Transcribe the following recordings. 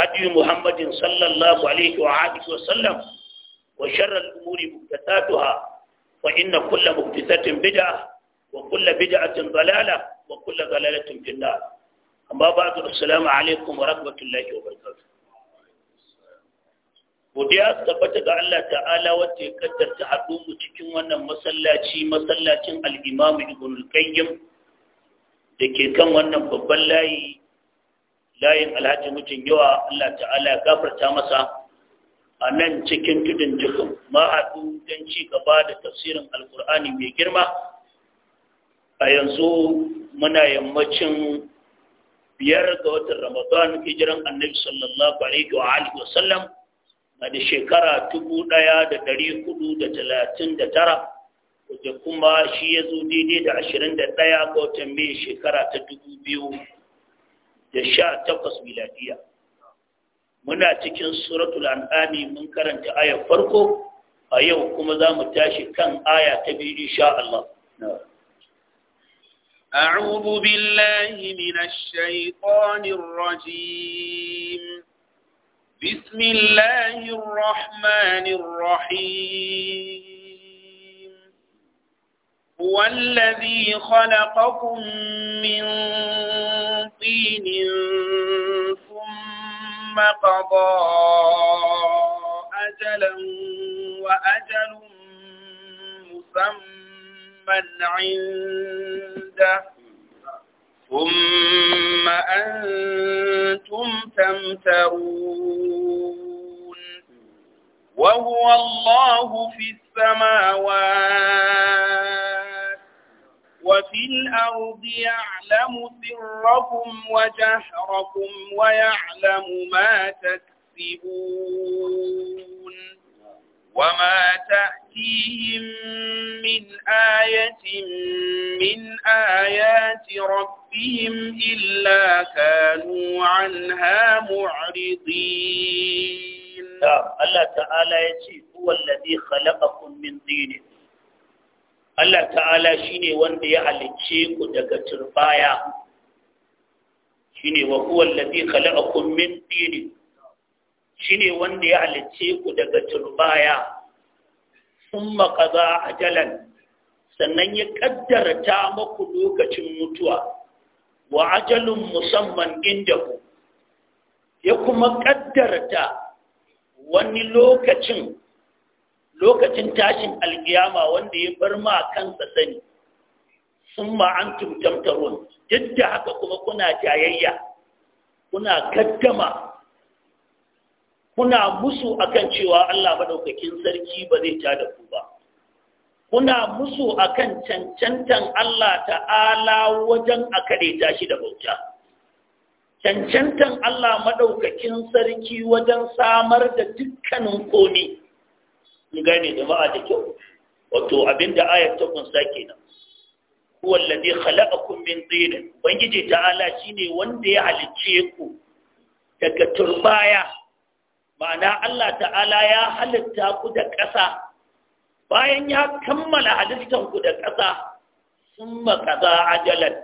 هدي محمد صلى الله عليه وآله وسلم وشر الأمور محدثاتها وإن كل محدثة بدعة وكل بدعة ضلالة وكل ضلالة في النار أما بعد السلام عليكم ورحمة الله وبركاته godiya tabbata ga Allah ta'ala wacce kaddarta haɗu mu cikin wannan masallaci masallacin al-Imam Ibn al-Qayyim dake kan wannan babban layi layin alhaji mutum yawa Allah ta'ala ya gafarta masa a nan cikin tudun jikin ma'adu don ci gaba da tafsirin alkur'ani mai girma a yanzu muna yammacin biyar ga watan ramadan hijiran annabi sallallahu alaihi wa alihi wa sallam a da shekara 1439 da kuma shi ya zo daidai da 21 ga watan mai shekara ta 2000 da sha takwas miladiya muna cikin suratul an'ami mun karanta ayar farko a yau kuma za mu tashi kan aya ta biyu insha Allah أعوذ بالله من الشيطان الرجيم بسم الله الرحمن الرحيم هو الذي خلقكم من طين ثم قضى أجلا وأجل مسمى عنده ثم أنتم تمترون وهو الله في السماوات وفي الأرض يعلم سركم وجهركم ويعلم ما تكسبون وما تأتيهم من آية من آيات ربهم إلا كانوا عنها معرضين نعم. الله تعالى يجيب هو الذي خلقكم من دينه Allah ta'ala shi ne wanda ya halicce ku daga turbaya shi ne wa huwa allazi khalaqakum min tin shi ne wanda ya halicce ku daga turbaya Sun thumma a jalan sannan ya ta maku lokacin mutuwa wa ajalun musamman ku. ya kuma ta wani lokacin lokacin tashin alkiyama wanda ya bar ma kansa sani sun ma'antum tamtarun duk da haka kuma kuna jayayya kuna kaddama kuna musu akan cewa Allah madaukakin sarki ba zai ta da ku ba kuna musu akan cancantan Allah ta'ala wajen a shi da bauta cancantan Allah madaukakin sarki wajen samar da dukkanin komai. gane jama'a da kyau wato abinda ayat ta kunsa kenan huwa alladhi khalaqakum min tin ubangiji ta'ala shine wanda ya halicce ku daga turbaya ma'ana Allah ta'ala ya halitta ku da ƙasa bayan ya kammala halittan ku da ƙasa sun makaza ajalan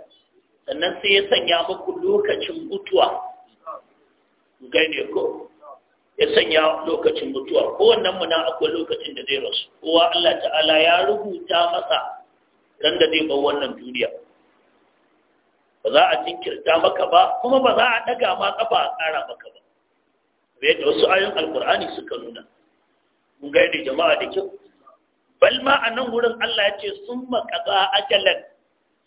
sannan sai ya sanya muku lokacin mutuwa gane ko ya sanya lokacin mutuwa ko mu na akwai lokacin da zai rasu kowa Allah ta'ala ya rubuta masa ran da zai bar wannan duniya ba za a jinkirta maka ba kuma ba za a ɗaga ma kafa a kara maka ba bai da wasu ayoyin alkur'ani suka nuna mun ga da jama'a da kyau bal ma a nan wurin Allah ya ce sun makaza ajalan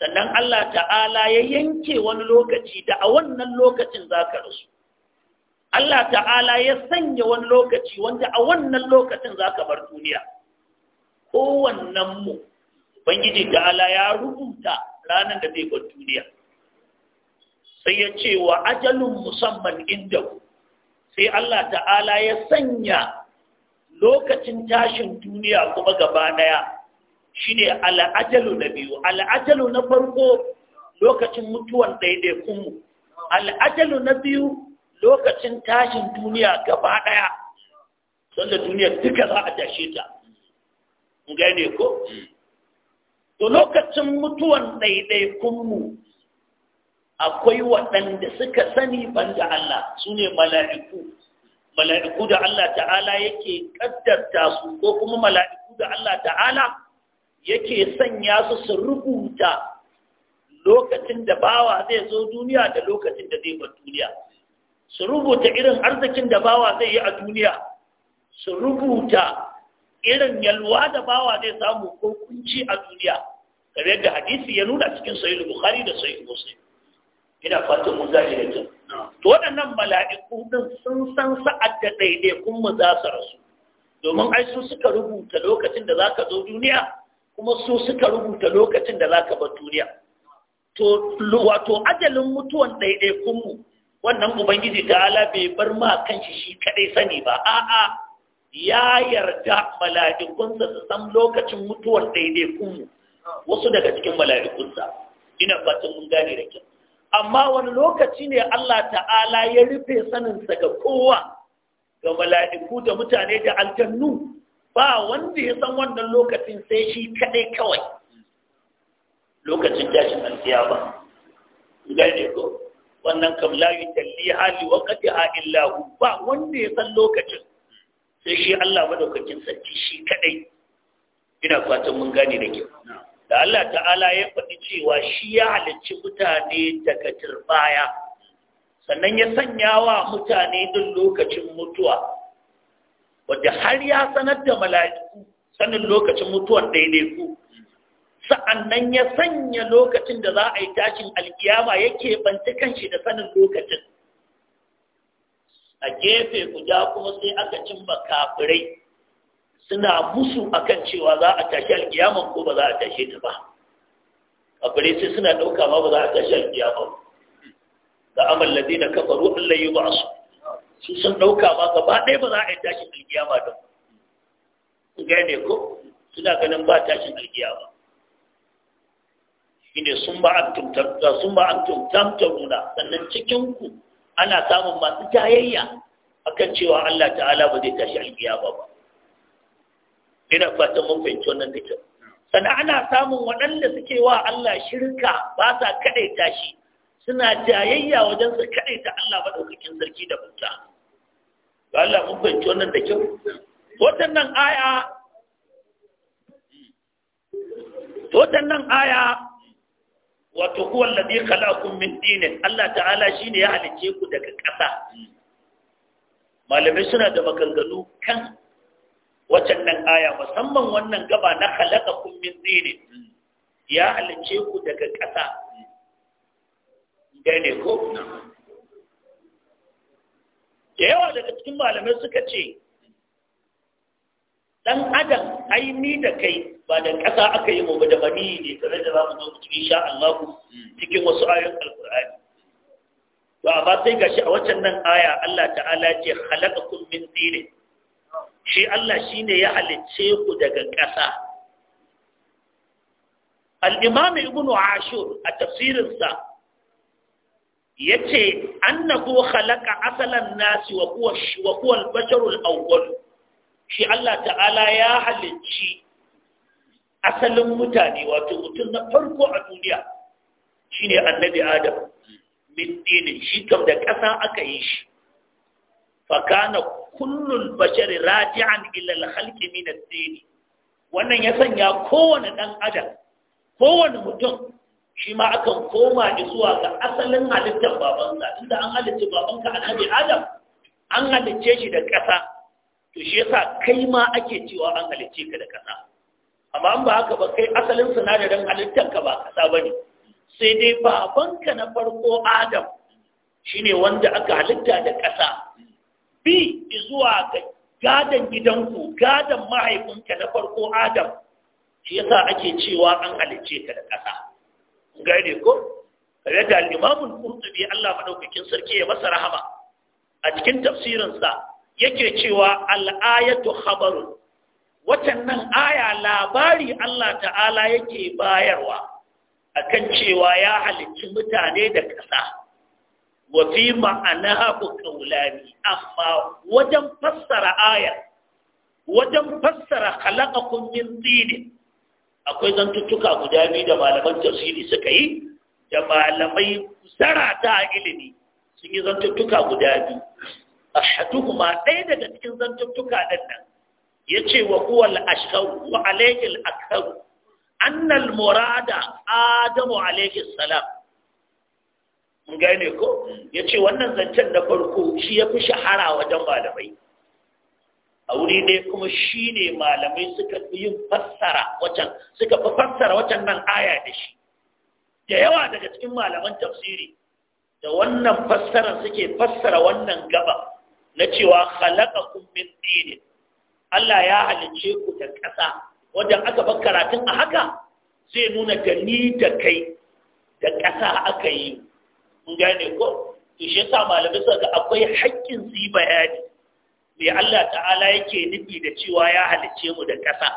sannan Allah ta'ala ya yanke wani lokaci da a wannan lokacin za ka rasu Allah ta'ala ya sanya wani lokaci wanda a wannan lokacin za ka bar duniya kowannen mu bangiji ta'ala ya rubuta ranar da zai bar duniya sai ya ce wa ajalun musamman inda sai Allah ta'ala ya sanya lokacin tashin duniya kuma gaba daya shine al'ajalu na biyu al'ajalu na farko lokacin mutuwan ɗaiɗaikunmu al'ajalu na biyu lokacin tashin duniya gaba ɗaya da duniya duka za a tashe ta gane ko to lokacin mutuwan ɗaiɗaikunmu akwai waɗanda suka sani banda Allah su ne mala'iku mala'iku da Allah ta'ala yake ƙaddarta su ko kuma mala'iku da Allah ta'ala yake sanya su su rubuta lokacin da bawa zai zo duniya da lokacin da zai bar duniya su rubuta irin arzikin da bawa zai yi a duniya su rubuta irin yalwa da bawa zai samu ko kunci a duniya kamar yadda hadisi ya nuna cikin sahih bukhari da sahih muslim ina fatan mu zai da to waɗannan mala'iku din sun san sa'ad da kun mu za su rasu domin ai su suka rubuta lokacin da zaka zo duniya kuma su suka rubuta lokacin da zaka bar duniya to wato ajalin mutuwan kun mu wannan ubangiji ala bai bar ma kanshi shi kadai sani ba a'a ya yarda mala'ikunsa su san lokacin mutuwar daidaikunmu wasu daga cikin mala'ikunsa ina fatan mun gane da kyau amma wani lokaci ne Allah ta'ala ya rufe saninsa ga kowa ga mala'iku da mutane da aljannu ba wanda ya san wannan lokacin sai shi kadai kawai lokacin tashin alkiyama gane ko wannan kam la hali li waqtiha illa hu ba wanda ya san lokacin sai shi Allah madaukakin sarki shi kadai ina fatan mun gane da kyau da Allah ta'ala ya faɗi cewa shi ya halicci mutane daga turbaya sannan ya sanya wa mutane duk lokacin mutuwa wadda har ya sanar da mala'iku sanin lokacin mutuwan daidai ku sa'annan ya sanya lokacin da za a yi tashin alkiyama yake banci kanshi da sanin lokacin a gefe guda kuma sai aka cimma kafirai suna musu akan cewa za a tashi alkiyama ko ba za a tashe ta ba kafirai sai suna ɗauka ma ba za a tashi alkiyama ga amal na kafaru Allah yi ba su sun ɗauka ma gaba ɗaya ba za a yi tashin alkiyama don gane ko suna ganin ba tashin alkiyama shine sun ba antum sun ba antum tamtaruna sannan cikin ku ana samun masu jayayya akan cewa Allah ta'ala ba zai tashi alkiyama ba ina fatan mun fahimci wannan da kyau sannan ana samun waɗanda suke wa Allah shirka ba sa kaɗai tashi suna jayayya wajen su kaɗai ta Allah maɗaukakin sarki da bauta ga Allah mun fahimci wannan da kyau waɗannan aya waɗannan aya wato huwa ladhi khalaqakum min dinin Allah ta'ala shine ya halice ku daga ƙasa malamai suna da maganganu kan waccan nan aya musamman wannan gaba na khalaqakum min dinin ya halice ku daga ƙasa ne ko da yawa daga cikin malamai suka ce dan adam aini da kai ba da ƙasa aka yi mu ba da mani ne tare da za zo cikin sha Allah cikin wasu ayoyin alkur'ani to amma sai gashi a waccan nan aya Allah ta'ala ce khalaqakum min tin shi Allah shine ya halicce ku daga ƙasa al-imam ibn ashur a tafsirin sa yace annahu khalaqa asalan nasi wa huwa wa huwa al-basharu al-awwal shi Allah ta'ala ya halicci asalin mutane wato mutum na farko a duniya shine annabi adam min dinin shi kam da ƙasa aka yi shi fakana kullun bashari raji'an ilal al min ad-din wannan ya sanya kowane dan adam kowane mutum shi ma akan koma da zuwa ga asalin halittar babansa inda an halitta babanka annabi adam an halicce shi da ƙasa to shi yasa kai ma ake cewa an halicce ka da ƙasa amma an ba haka ba kai asalin sinadarin halittarka ba kasa ba ne sai dai babanka na farko adam shine wanda aka halitta da ƙasa bi zuwa ga gadon gidanku gadon mahaifinka na farko adam shi yasa ake cewa an halicce ka da kasa gane ko kare da imamul qurtubi Allah madaukakin sarki ya masa rahama a cikin tafsirinsa yake cewa al-ayatu nan aya labari Allah ta'ala yake bayarwa akan cewa ya halicci mutane da ƙasa wa fi ma'anaha ku amma wajen fassara aya wajen fassara khalaqakum min tin akwai zantuttuka guda biyu da malaman tafsiri suka yi da malamai zarata ilimi sun yi zantuttuka guda biyu a ɗaya daga cikin zantuttuka ɗin nan yace wa huwa wa alayhi al-akthar anna al-murada adamu alayhi salam mun gane ko yace wannan zancen da farko shi yafi shahara wajen malamai a wuri ne kuma shine malamai suka fi fassara wacan suka fi fassara wacan nan aya da shi da yawa daga cikin malaman tafsiri da wannan fassara suke fassara wannan gaba na cewa khalaqakum min dinin Allah ya halice ku da ƙasa wajen aka bar karatun a haka zai nuna da ni da kai da ƙasa aka yi in gane ko to shi yasa malamai ga akwai haƙƙin su yi bayani me Allah ta'ala yake nufi da cewa ya halice mu da ƙasa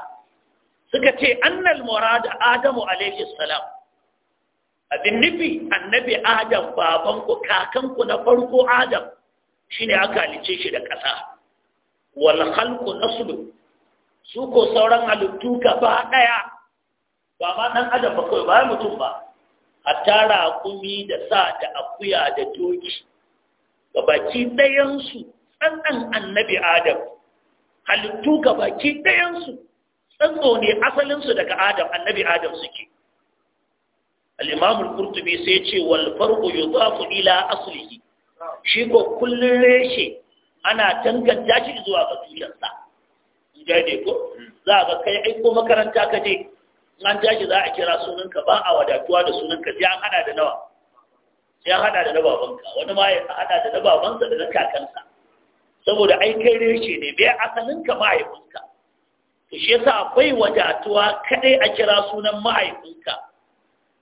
suka ce annal murad adamu alayhi salam abin nufi annabi adam babanku kakanku na farko adam shine aka halice shi da ƙasa wal khalqu naslu su ko sauran halittu gaba daya ba ma dan adam ba kawai ba mutum ba hatta raƙumi da sa da akuya da doki gabaki ɗayansu tsantsan annabi adam halittu gabaki ɗayansu tsantso ne asalinsu daga adam annabi adam suke al-imam al-qurtubi sai ce wal farqu yudafu ila aslihi shi ko kullun reshe ana tanganta shi zuwa ga tushensa idan ne ko za ga kai aiko makaranta ka je an tashi za a kira sunanka ba a wadatuwa da sunanka sai an hada da nawa sai an hada da na babanka wani ma ya hada da na babansa da na kakansa saboda ai kai reshe ne bai asalinka mahaifinka to shi yasa akwai wadatuwa kadai a kira sunan mahaifinka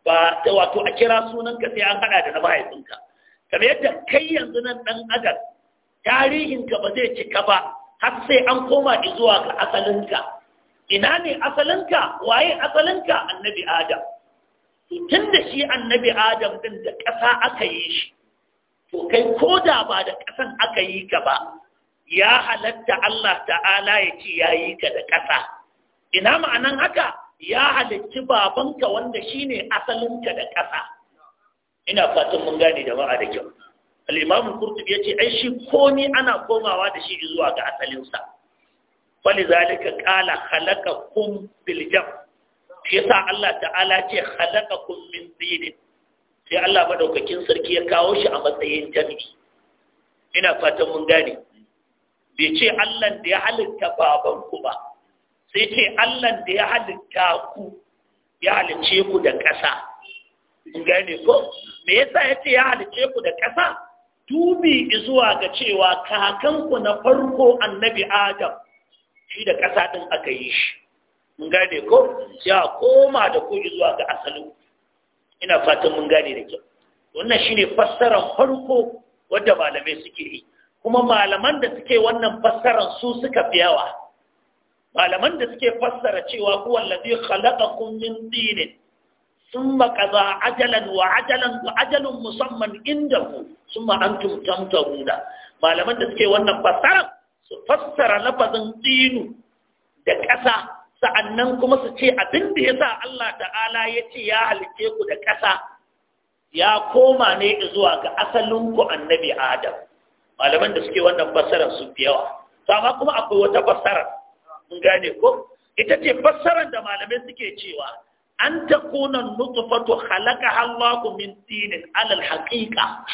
ba ta wato a kira sunanka sai an hada da na mahaifinka kamar yadda kai yanzu nan dan adam tarihinka ba zai cika ba har sai an koma zuwa ga asalinka ina ne asalinka waye asalinka annabi adam tun da shi annabi adam din da ƙasa aka yi shi to kai ko da ba da ƙasan aka yi ka ba ya halatta Allah ta'ala ya ce ya yi ka da ƙasa ina ma'anan haka ya halicci babanka wanda shine asalinka da ƙasa ina fatan mun gane jama'a da kyau al-imam ya yace ai shi komai ana komawa da shi zuwa ga asalinsa zalika qala khalaqakum bil jam Ya sa Allah ta'ala ce khalaqakum min tin sai Allah madaukakin sarki ya kawo shi a matsayin jami'i ina fatan mun gane bai ce Allah da ya halitta ku ba sai ce Allah da ya halitta ku ya halice ku da ƙasa gane ko me yasa ya ce ya halice ku da ƙasa dubi zuwa ga cewa kakanku na farko annabi adam shi da ƙasa ɗin aka yi shi mun gane ko ya koma da ku zuwa ga asalin ina fatan mun gane da kyau wannan shine fassarar farko wadda malamai suke yi kuma malaman da suke wannan fassarar su suka fi yawa malaman da suke fassara cewa huwa allazi khalaqakum min tinin ثم قضى عجلا وعجلا وعجل مسمى عنده ثم أنتم تمترون ما لم تسكي وانا فسر فسر لفظ دين da ƙasa sa'annan kuma su ce abin da ya sa Allah ta'ala ya ce ya halice ku da ƙasa ya koma ne zuwa ga asalinku annabi Adam malaman da suke wannan fassarar su biyawa. yawa sama kuma akwai wata fassara mun gane ko ita ce fassarar da malamai suke cewa an takuna nutfatu halaka Allahu min tinin alal haƙiƙa.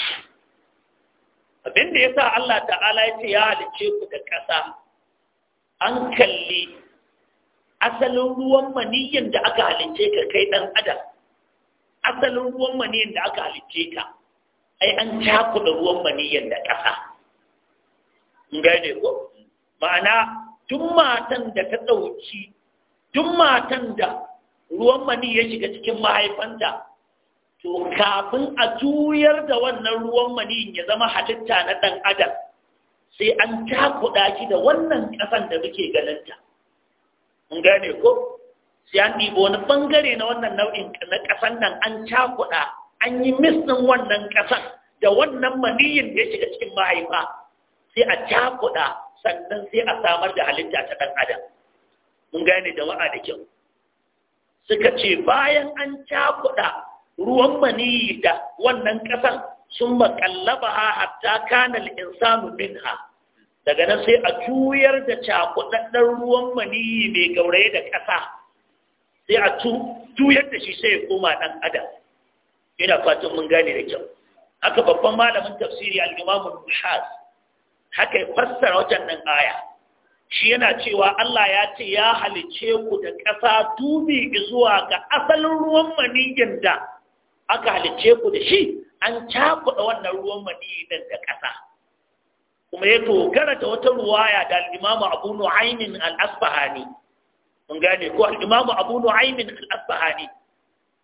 abin da sa Allah ta'ala ya ce ya halice ku da ƙasa an kalli asalin ruwan maniyyin da aka halice ka kai ɗan adam asalin ruwan maniyyin da aka halice ka ai an cakuɗa ruwan maniyyin da ƙasa gane ko ma'ana tun matan da ta ɗauki tun matan da ruwan mani ya shiga cikin mahaifanta to kafin a juyar da wannan ruwan mani ya zama halitta na ɗan adam sai an takuɗa shi da wannan ƙasan da muke ganinta Mun gane ko sai an ɗiba wani ɓangare na wannan nau'in na ƙasan nan an takuɗa an yi misnin wannan ƙasan da wannan maniyin da ya shiga cikin mahaifa sai a takuɗa sannan sai a samar da halitta ta ɗan adam mun gane da wa'a da kyau suka ce bayan an cakuɗa ruwan maniyi da wannan ƙasan sun makallaba ha hatta kanal insanu minha daga nan sai a juyar da cakuɗaɗɗen ruwan maniyi mai gauraye da ƙasa sai a juyar da shi sai ya koma ɗan adam ina fatan mun gane da kyau haka babban malamin tafsiri al-imamu haka ya fassara wajen nan aya shi yana cewa Allah ya ce ya halice ku da ƙasa dubi zuwa ga asalin ruwan maniyin da aka halice ku da shi an cakuɗa wannan ruwan maniyin da ƙasa kuma ya dogara da wata ruwaya da al'imamu abu nu'aimin al'asfahani mun gane ko al'imamu abu nu'aimin al'asfahani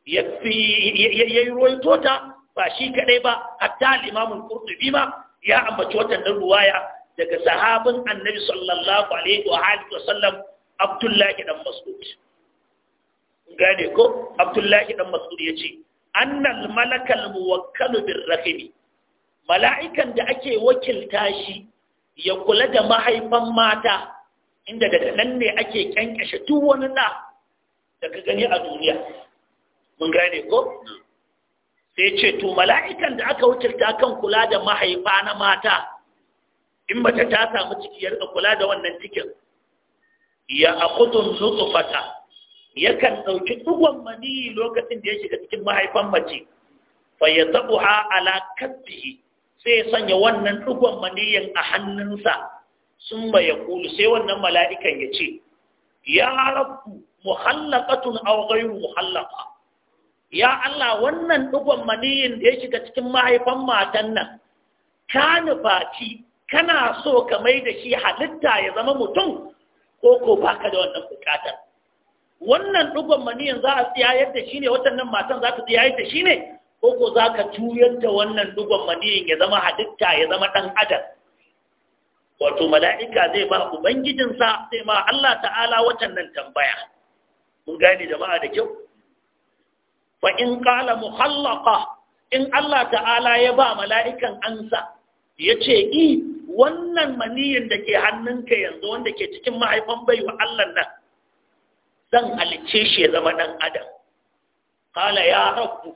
ya yi ruwaito ta ba shi kaɗai ba hatta al'imamun kurtubi ma ya ambaci watan ruwaya daga sahabin annabi sallallahu alaihi wa alihi wa sallam abdullahi dan mas'ud gane ko abdullahi dan mas'ud yace annal malakal muwakkalu birrahimi mala'ikan da ake wakilta shi ya kula da mahaifan mata inda daga nan ne ake kyankyashe duk wani na da ka gani a duniya mun gane ko sai ce to mala'ikan da aka wakilta kan kula da mahaifa na mata in mace ta samu ciki ya kula da wannan cikin ya a akudun ya kan ɗauki ɗugon mani lokacin da ya shiga cikin mahaifan mace fa yatabuha ala kabbihi sai ya sanya wannan ɗugon maniyin a hannunsa sun ba ya kulu sai wannan mala'ikan ya ce ya rabu muhallaqatun aw ghayru muhallaqa ya Allah wannan ɗugon maniyin da ya shiga cikin mahaifan matan nan ta nufaci kana so ka mai da shi halitta ya zama mutum ko ko ka da wannan bukatar wannan dugon maniyan za a tsiyayar da shi ne watannan matan za ta tsiyayar da shi ne ko ko za ka juyar da wannan dugon maniyan ya zama halitta ya zama dan adam wato mala'ika zai ba ubangijinsa zai ma Allah ta'ala watannan tambaya mun gane jama'a da kyau fa in qala muhallaqa in Allah ta'ala ya ba mala'ikan ansa ya ce i wannan maniyyar da ke hannunka yanzu wanda ke cikin mahaifan baiwa Allah nan zan halicce shi ya zama ɗan adam kala ya rabu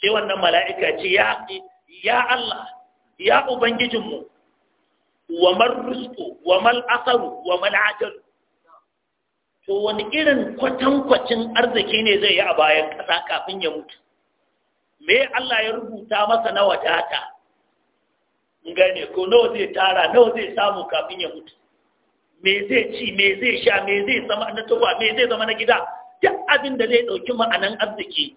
sai wannan mala'ika ce ya Allah ya ubangijinmu wa mal rusku wa mal asaru wa mal ajal to wani irin kwatankwacin arziki ne zai yi a bayan ƙasa kafin ya mutu me Allah ya rubuta masa na wadata gane ko nawa zai tara nawa zai samu kafin ya mutu me zai ci me zai sha me zai zama na tuba me zai zama na gida duk abin da zai ɗauki ma'anan arziki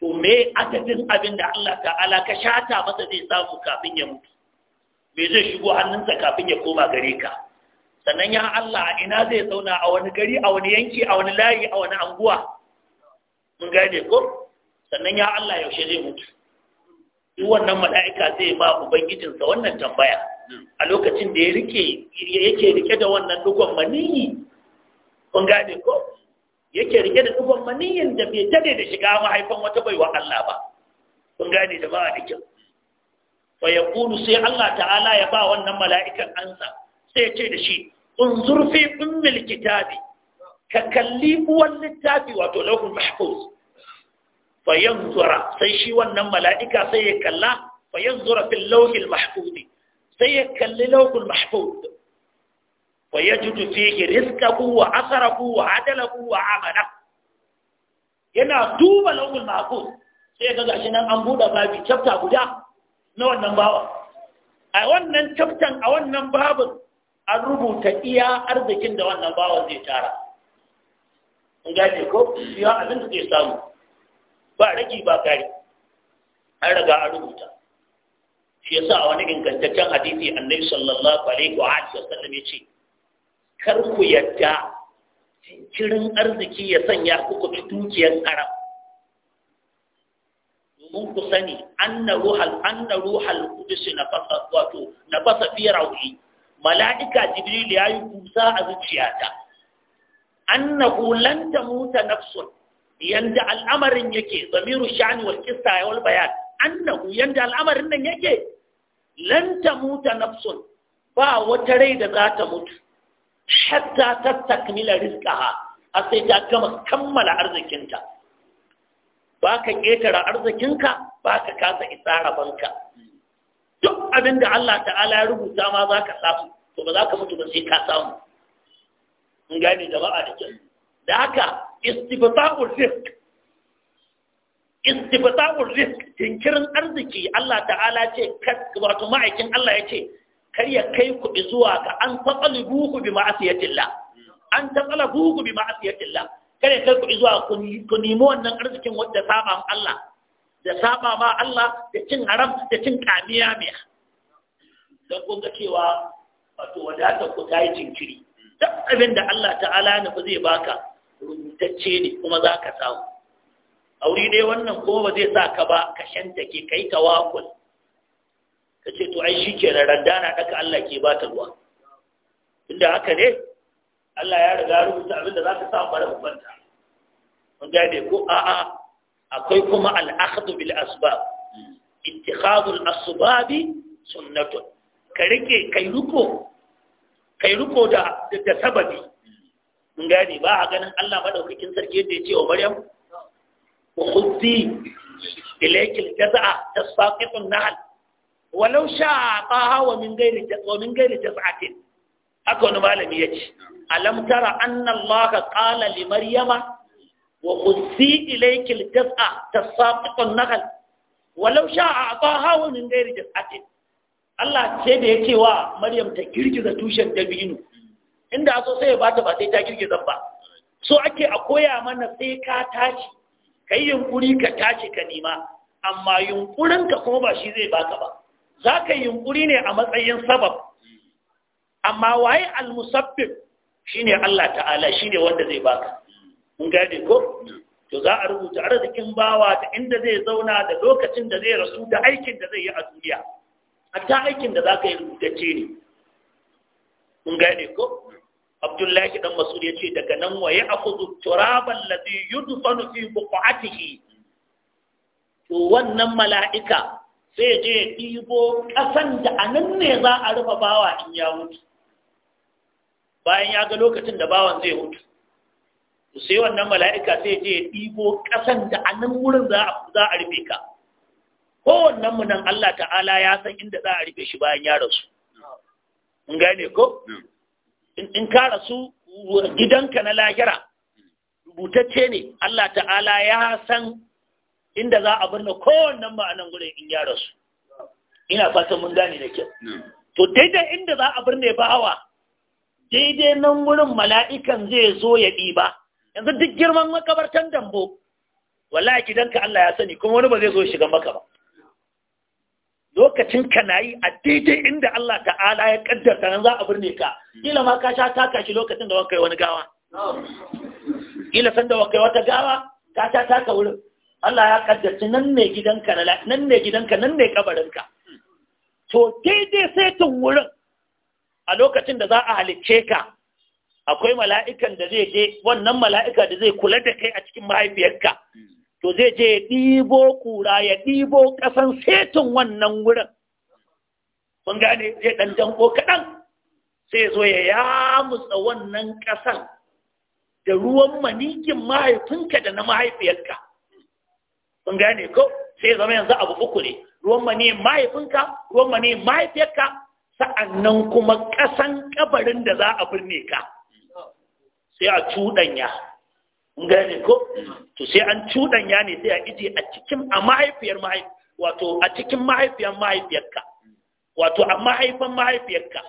to me adadin abin da Allah ta'ala ka shata masa zai samu kafin ya mutu me zai shigo hannunsa kafin ya koma gare ka sannan ya Allah ina zai zauna a wani gari a wani yanki a wani layi a wani anguwa mun gane ko sannan ya Allah yaushe zai mutu shi wannan mala'ika zai ma ubangijinsa wannan tambaya a lokacin da ya yake rike da wannan dukwan maniyi kun gane ko yake rike da dukwan maniyin da bai tare da shiga mahaifan wata baiwa Allah ba kun gane da ba da kyau fa ya kulu sai Allah ta'ala ya ba wannan mala'ikan ansa sai ya ce da shi zurfi, in mil kitabi ka kalli uwan littafi wato lokacin mahfuz fayanzura sai shi wannan mala'ika sai ya kalla fayanzura zura fil lauhil mahfuz sai ya kalli lauhul mahfuz fayan judu fihi rizqahu wa asrahu wa adalahu wa amana yana duba lauhul mahfuz sai ga gashi nan an buɗe babin chapter guda na wannan bawa a wannan chapter a wannan babin an rubuta iya arzikin da wannan bawan zai tara. An gane ko? Iya abin da zai samu. ba ragi ba kari an riga an rubuta shi yasa a wani ingantaccen hadisi annabi sallallahu alaihi wa sallam, ya ce kar ku yadda jinkirin arziki ya sanya ku ku ci dukiyar haram domin ku sani anna ruhal anna ruhal qudus na fasa wato na fasa fi rauhi mala'ika jibril ya yi kusa a zuciyata annahu lan tamuta nafsun yanda al'amarin yake zamiru shani wal ya wal bayan annahu yanda al'amarin nan yake lan muta nafsun ba wata rai da za ta mutu hatta ta takmila rizqaha a sai ta gama kammala arzikinta ba ka ƙetara arzikinka ba ka kasa isa rabanka duk abin da Allah ta'ala ya rubuta ma za ka samu to ba za ka mutu ba sai ka samu in da jama'a da kyau da haka istifsa'ul rizq istifsa'ul rizq tinkirin arziki Allah ta'ala ce wato ma'aikin Allah ya ce kar ya kai ku zuwa ga an taqalibuhu bi ma'asiyatillah an taqalabuhu bi ma'asiyatillah kar ya kai ku zuwa ku nemi wannan arzikin wanda saba Allah da saba ma Allah da cin haram da cin kamiya miya don kun ga cewa wato wadatar ku ta yi jinkiri duk abin da Allah ta'ala ne ku zai baka rubutacce ne kuma za ka samu aure dai wannan ko ba zai sa ka ba ka shantake kai ta tawakul ka ce to ai shi ke randa na ɗaka Allah ke ba ta ruwa inda haka ne Allah ya riga rubuta abin da za ka samu bara bubanta mun gane ko a'a akwai kuma al'akhdhu bil asbab ittikhadhu al asbabi sunnatun ka rike kai ruko kai ruko da sababi mun gane ba a ganin Allah madaukakin sarki yadda ya ce wa Maryam khuddi ilayki al-jaz'a tasaqitun nahl walau sha'a taha wa min ghairi wa min ghairi jaz'atin haka wani malami ya ce alam tara anna Allah qala li maryama wa khuddi ilayki al-jaz'a tasaqitun nahl walau sha'a taha wa min ghairi jaz'atin Allah ce da ya ce wa Maryam ta girgiza tushen dabino inda a so sai ya bata ba sai ta girgiza ba so ake a koya mana sai ka tashi ka yi yunkuri ka tashi ka nima. amma yunkurin ka kuma ba shi zai baka ba za ka yi yunkuri ne a matsayin sabab amma waye almusabbib shine Allah ta'ala shine wanda zai baka mun gane ko to za a rubuta arzikin bawa ta inda zai zauna da lokacin da zai rasu da aikin da zai yi a duniya hatta aikin da za ka yi rubutacce ne kun gane ko abdullahi dan masud ya ce daga nan wa ya akhudhu turaban ladhi yudfanu fi buqatihi to wannan mala'ika sai je dibo kasan ƙasan da anan ne za a rufe bawa in ya mutu bayan ya ga lokacin da bawan zai mutu sai wannan mala'ika sai je dibo kasan ƙasan da anan wurin za a rufe ka kowannen mu nan Allah ta'ala ya san inda za a rufe shi bayan ya rasu in gane ko in ka rasu gidanka na lahira rubutacce ne Allah ta'ala ya san inda za a birni kowannen ma'anan gudun in ya rasu ina fatan mun gane da kyau to daidai inda za a birne bawa daidai nan wurin mala'ikan zai zo ya ɗiba yanzu duk girman makabartan dambo wallahi gidanka Allah ya sani kuma wani ba zai zo shiga maka ba lokacin ka na yi a daidai inda Allah ta'ala ya kaddarta nan za a birne ka ila ma ka sha taka shi lokacin da wanka yi wani gawa Ila san da wanka yi wata gawa ka sha taka wurin Allah ya kaddarci nan ne gidanka nan ne gidanka nan ne kabarinka to daidai saitin wurin a lokacin da za a halicce ka akwai mala'ikan da zai je wannan mala'ika da zai kula da kai a cikin mahaifiyarka to zai je ya ɗibo kura ya ɗibo ƙasan setin wannan wurin kun gane zai ɗan janko kaɗan sai zo ya yamutsa wannan ƙasan da ruwan manikin mahaifinka da na mahaifiyarka kun gane ko sai zama yanzu abu uku ne ruwan mani mahaifinka ruwan mani mahaifiyarka sa'annan kuma ƙasan kabarin da za a binne ka sai a cuɗanya gane ko to sai an cuɗanya ne sai a ije a cikin a mahaifiyar wato a cikin mahaifiyar mahaifiyarka wato a mahaifan mahaifiyarka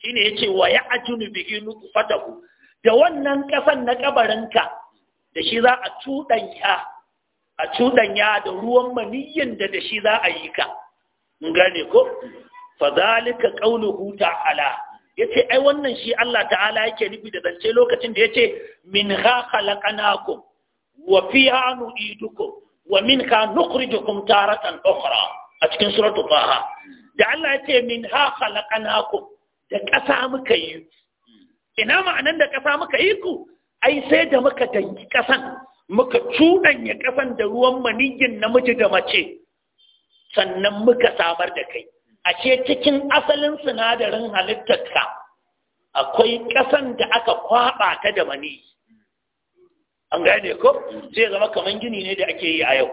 shine yace wa ya ajunu bihi nutfatahu da wannan kasan na kabarinka da shi za a cuɗanya a cuɗanya da ruwan maniyyin da da shi za a yi ka gane ko ƙauna qauluhu ta'ala Ya ce ai wannan shi Allah ta'ala yake nufi da zance lokacin da ya ce, min ha ku, wa fiha nu'idukum wa min da nukhrijukum taratan ukhra a cikin suratu taha da Allah ya ce min ha ku. da ƙasa muka yi ina ma'anan da ƙasa muka yi ku ai sai da muka dangi ƙasan muka cuɗanya ƙasan da ruwan maniyyin namiji da mace sannan muka samar da kai ashe cikin asalin sinadarin halittarka akwai ƙasan da aka kwaɓa ta da mani an gane ko zai zama kamar gini ne da ake yi a yau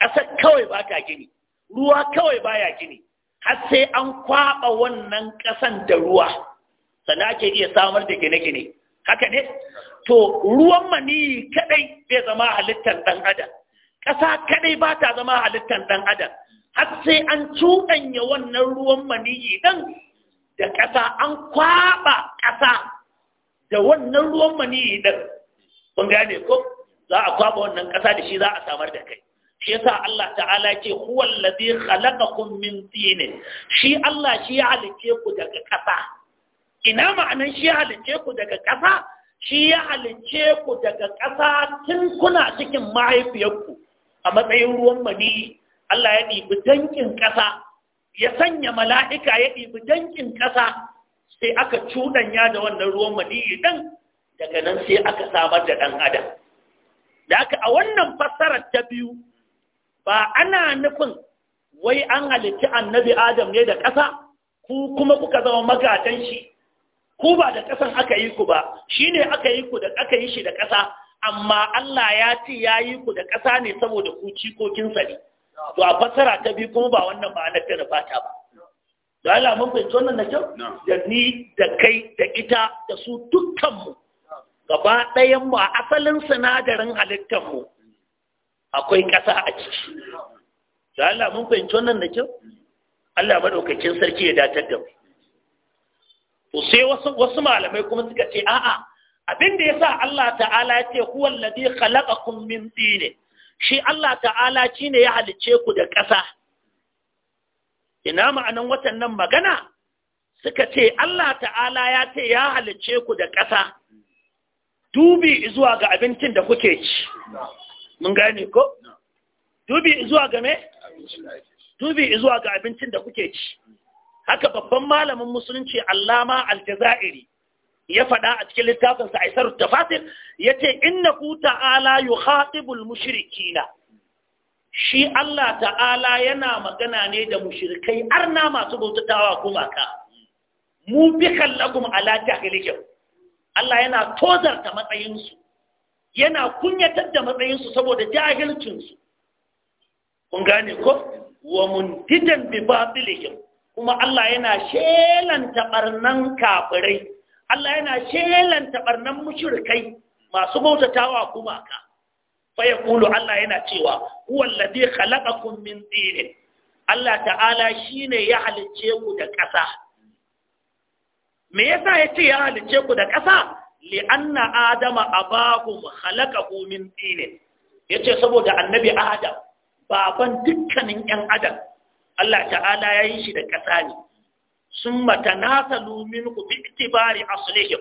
ƙasar kawai ba ta gini ruwa kawai baya gini har sai an kwaɓa wannan ƙasan da ruwa sannan ake iya samar da gine-gine haka ne to ruwan mani kaɗai zai zama halittar ɗan adam ƙasa kaɗai ba ta zama halittar ɗan adam har sai an cuɗanya wannan ruwan maniyi ɗin da ƙasa an kwaɓa ƙasa da wannan ruwan maniyi ɗin kun gane ko za a kwaɓa wannan ƙasa da shi za a samar da kai shi yasa Allah ta'ala ce huwa allazi khalaqakum min tin shi Allah shi ya halice ku daga ƙasa ina ma'anan shi ya halice ku daga ƙasa shi ya halice ku daga ƙasa tun kuna cikin mahaifiyarku a matsayin ruwan maniyi Allah ya ɗibi dankin ƙasa ya sanya mala'ika ya ɗibi dankin ƙasa sai aka cuɗanya da wannan ruwan madiyi ɗan, daga nan sai aka samar da ɗan adam da aka a wannan fassarar ta biyu ba ana nufin wai an halitta annabi adam ne da ƙasa ku kuma kuka zama magatan shi ku ba da ƙasan aka yi ku ba shi ne aka yi ku da aka yi shi da ƙasa amma Allah ya ce ya yi ku da ƙasa ne saboda ku cikokinsa ne to a fassara ta biyu kuma ba wannan ba na fere fata ba da Allah mun fahimci wannan da kyau da ni da kai da ita da su dukkanmu gaba ɗayan mu a asalin sinadarin halittar mu akwai ƙasa a ciki da Allah mun fahimci wannan da kyau Allah madaukakin sarki ya datar da mu to sai wasu wasu malamai kuma suka ce a'a abin da yasa Allah ta'ala ya ce huwa alladhi khalaqakum min tin shi Allah ta'ala ci ne ya halice ku da ƙasa. Ina ma'anin watan nan magana suka ce Allah ta'ala ya ce ya halice ku da ƙasa, dubi zuwa ga abincin da kuke ci. Mun gane ko? Dubi zuwa ga me? Dubi zuwa ga abincin da kuke ci. Haka babban malamin musulunci Allah ma Al jaza'iri. ya faɗa a cikin littafinsa aisar tafasir ya ce inna ku ta'ala yu khatibul mushrikina shi Allah ta'ala yana magana ne da mushrikai arna masu bautatawa gumaka mu bi kallakum ala jahilikum Allah yana tozarta matsayinsu yana kunyatar da matsayinsu saboda su kun gane ko wa muntidan bi batilihim kuma Allah yana shelanta barnan kafirai Allah yana shelanta barnan mushrikai masu bautatawa kuma ka fa Allah yana cewa huwal ladhi khalaqakum min tin Allah ta'ala shine ya halicce ku da ƙasa me yasa yace ya halicce ku da ƙasa li anna adama abahum khalaqahu min tin yace saboda annabi adam baban dukkanin yan adam Allah ta'ala ya yi shi da ƙasa ne sun matanasalu minhu bi itibari aslihim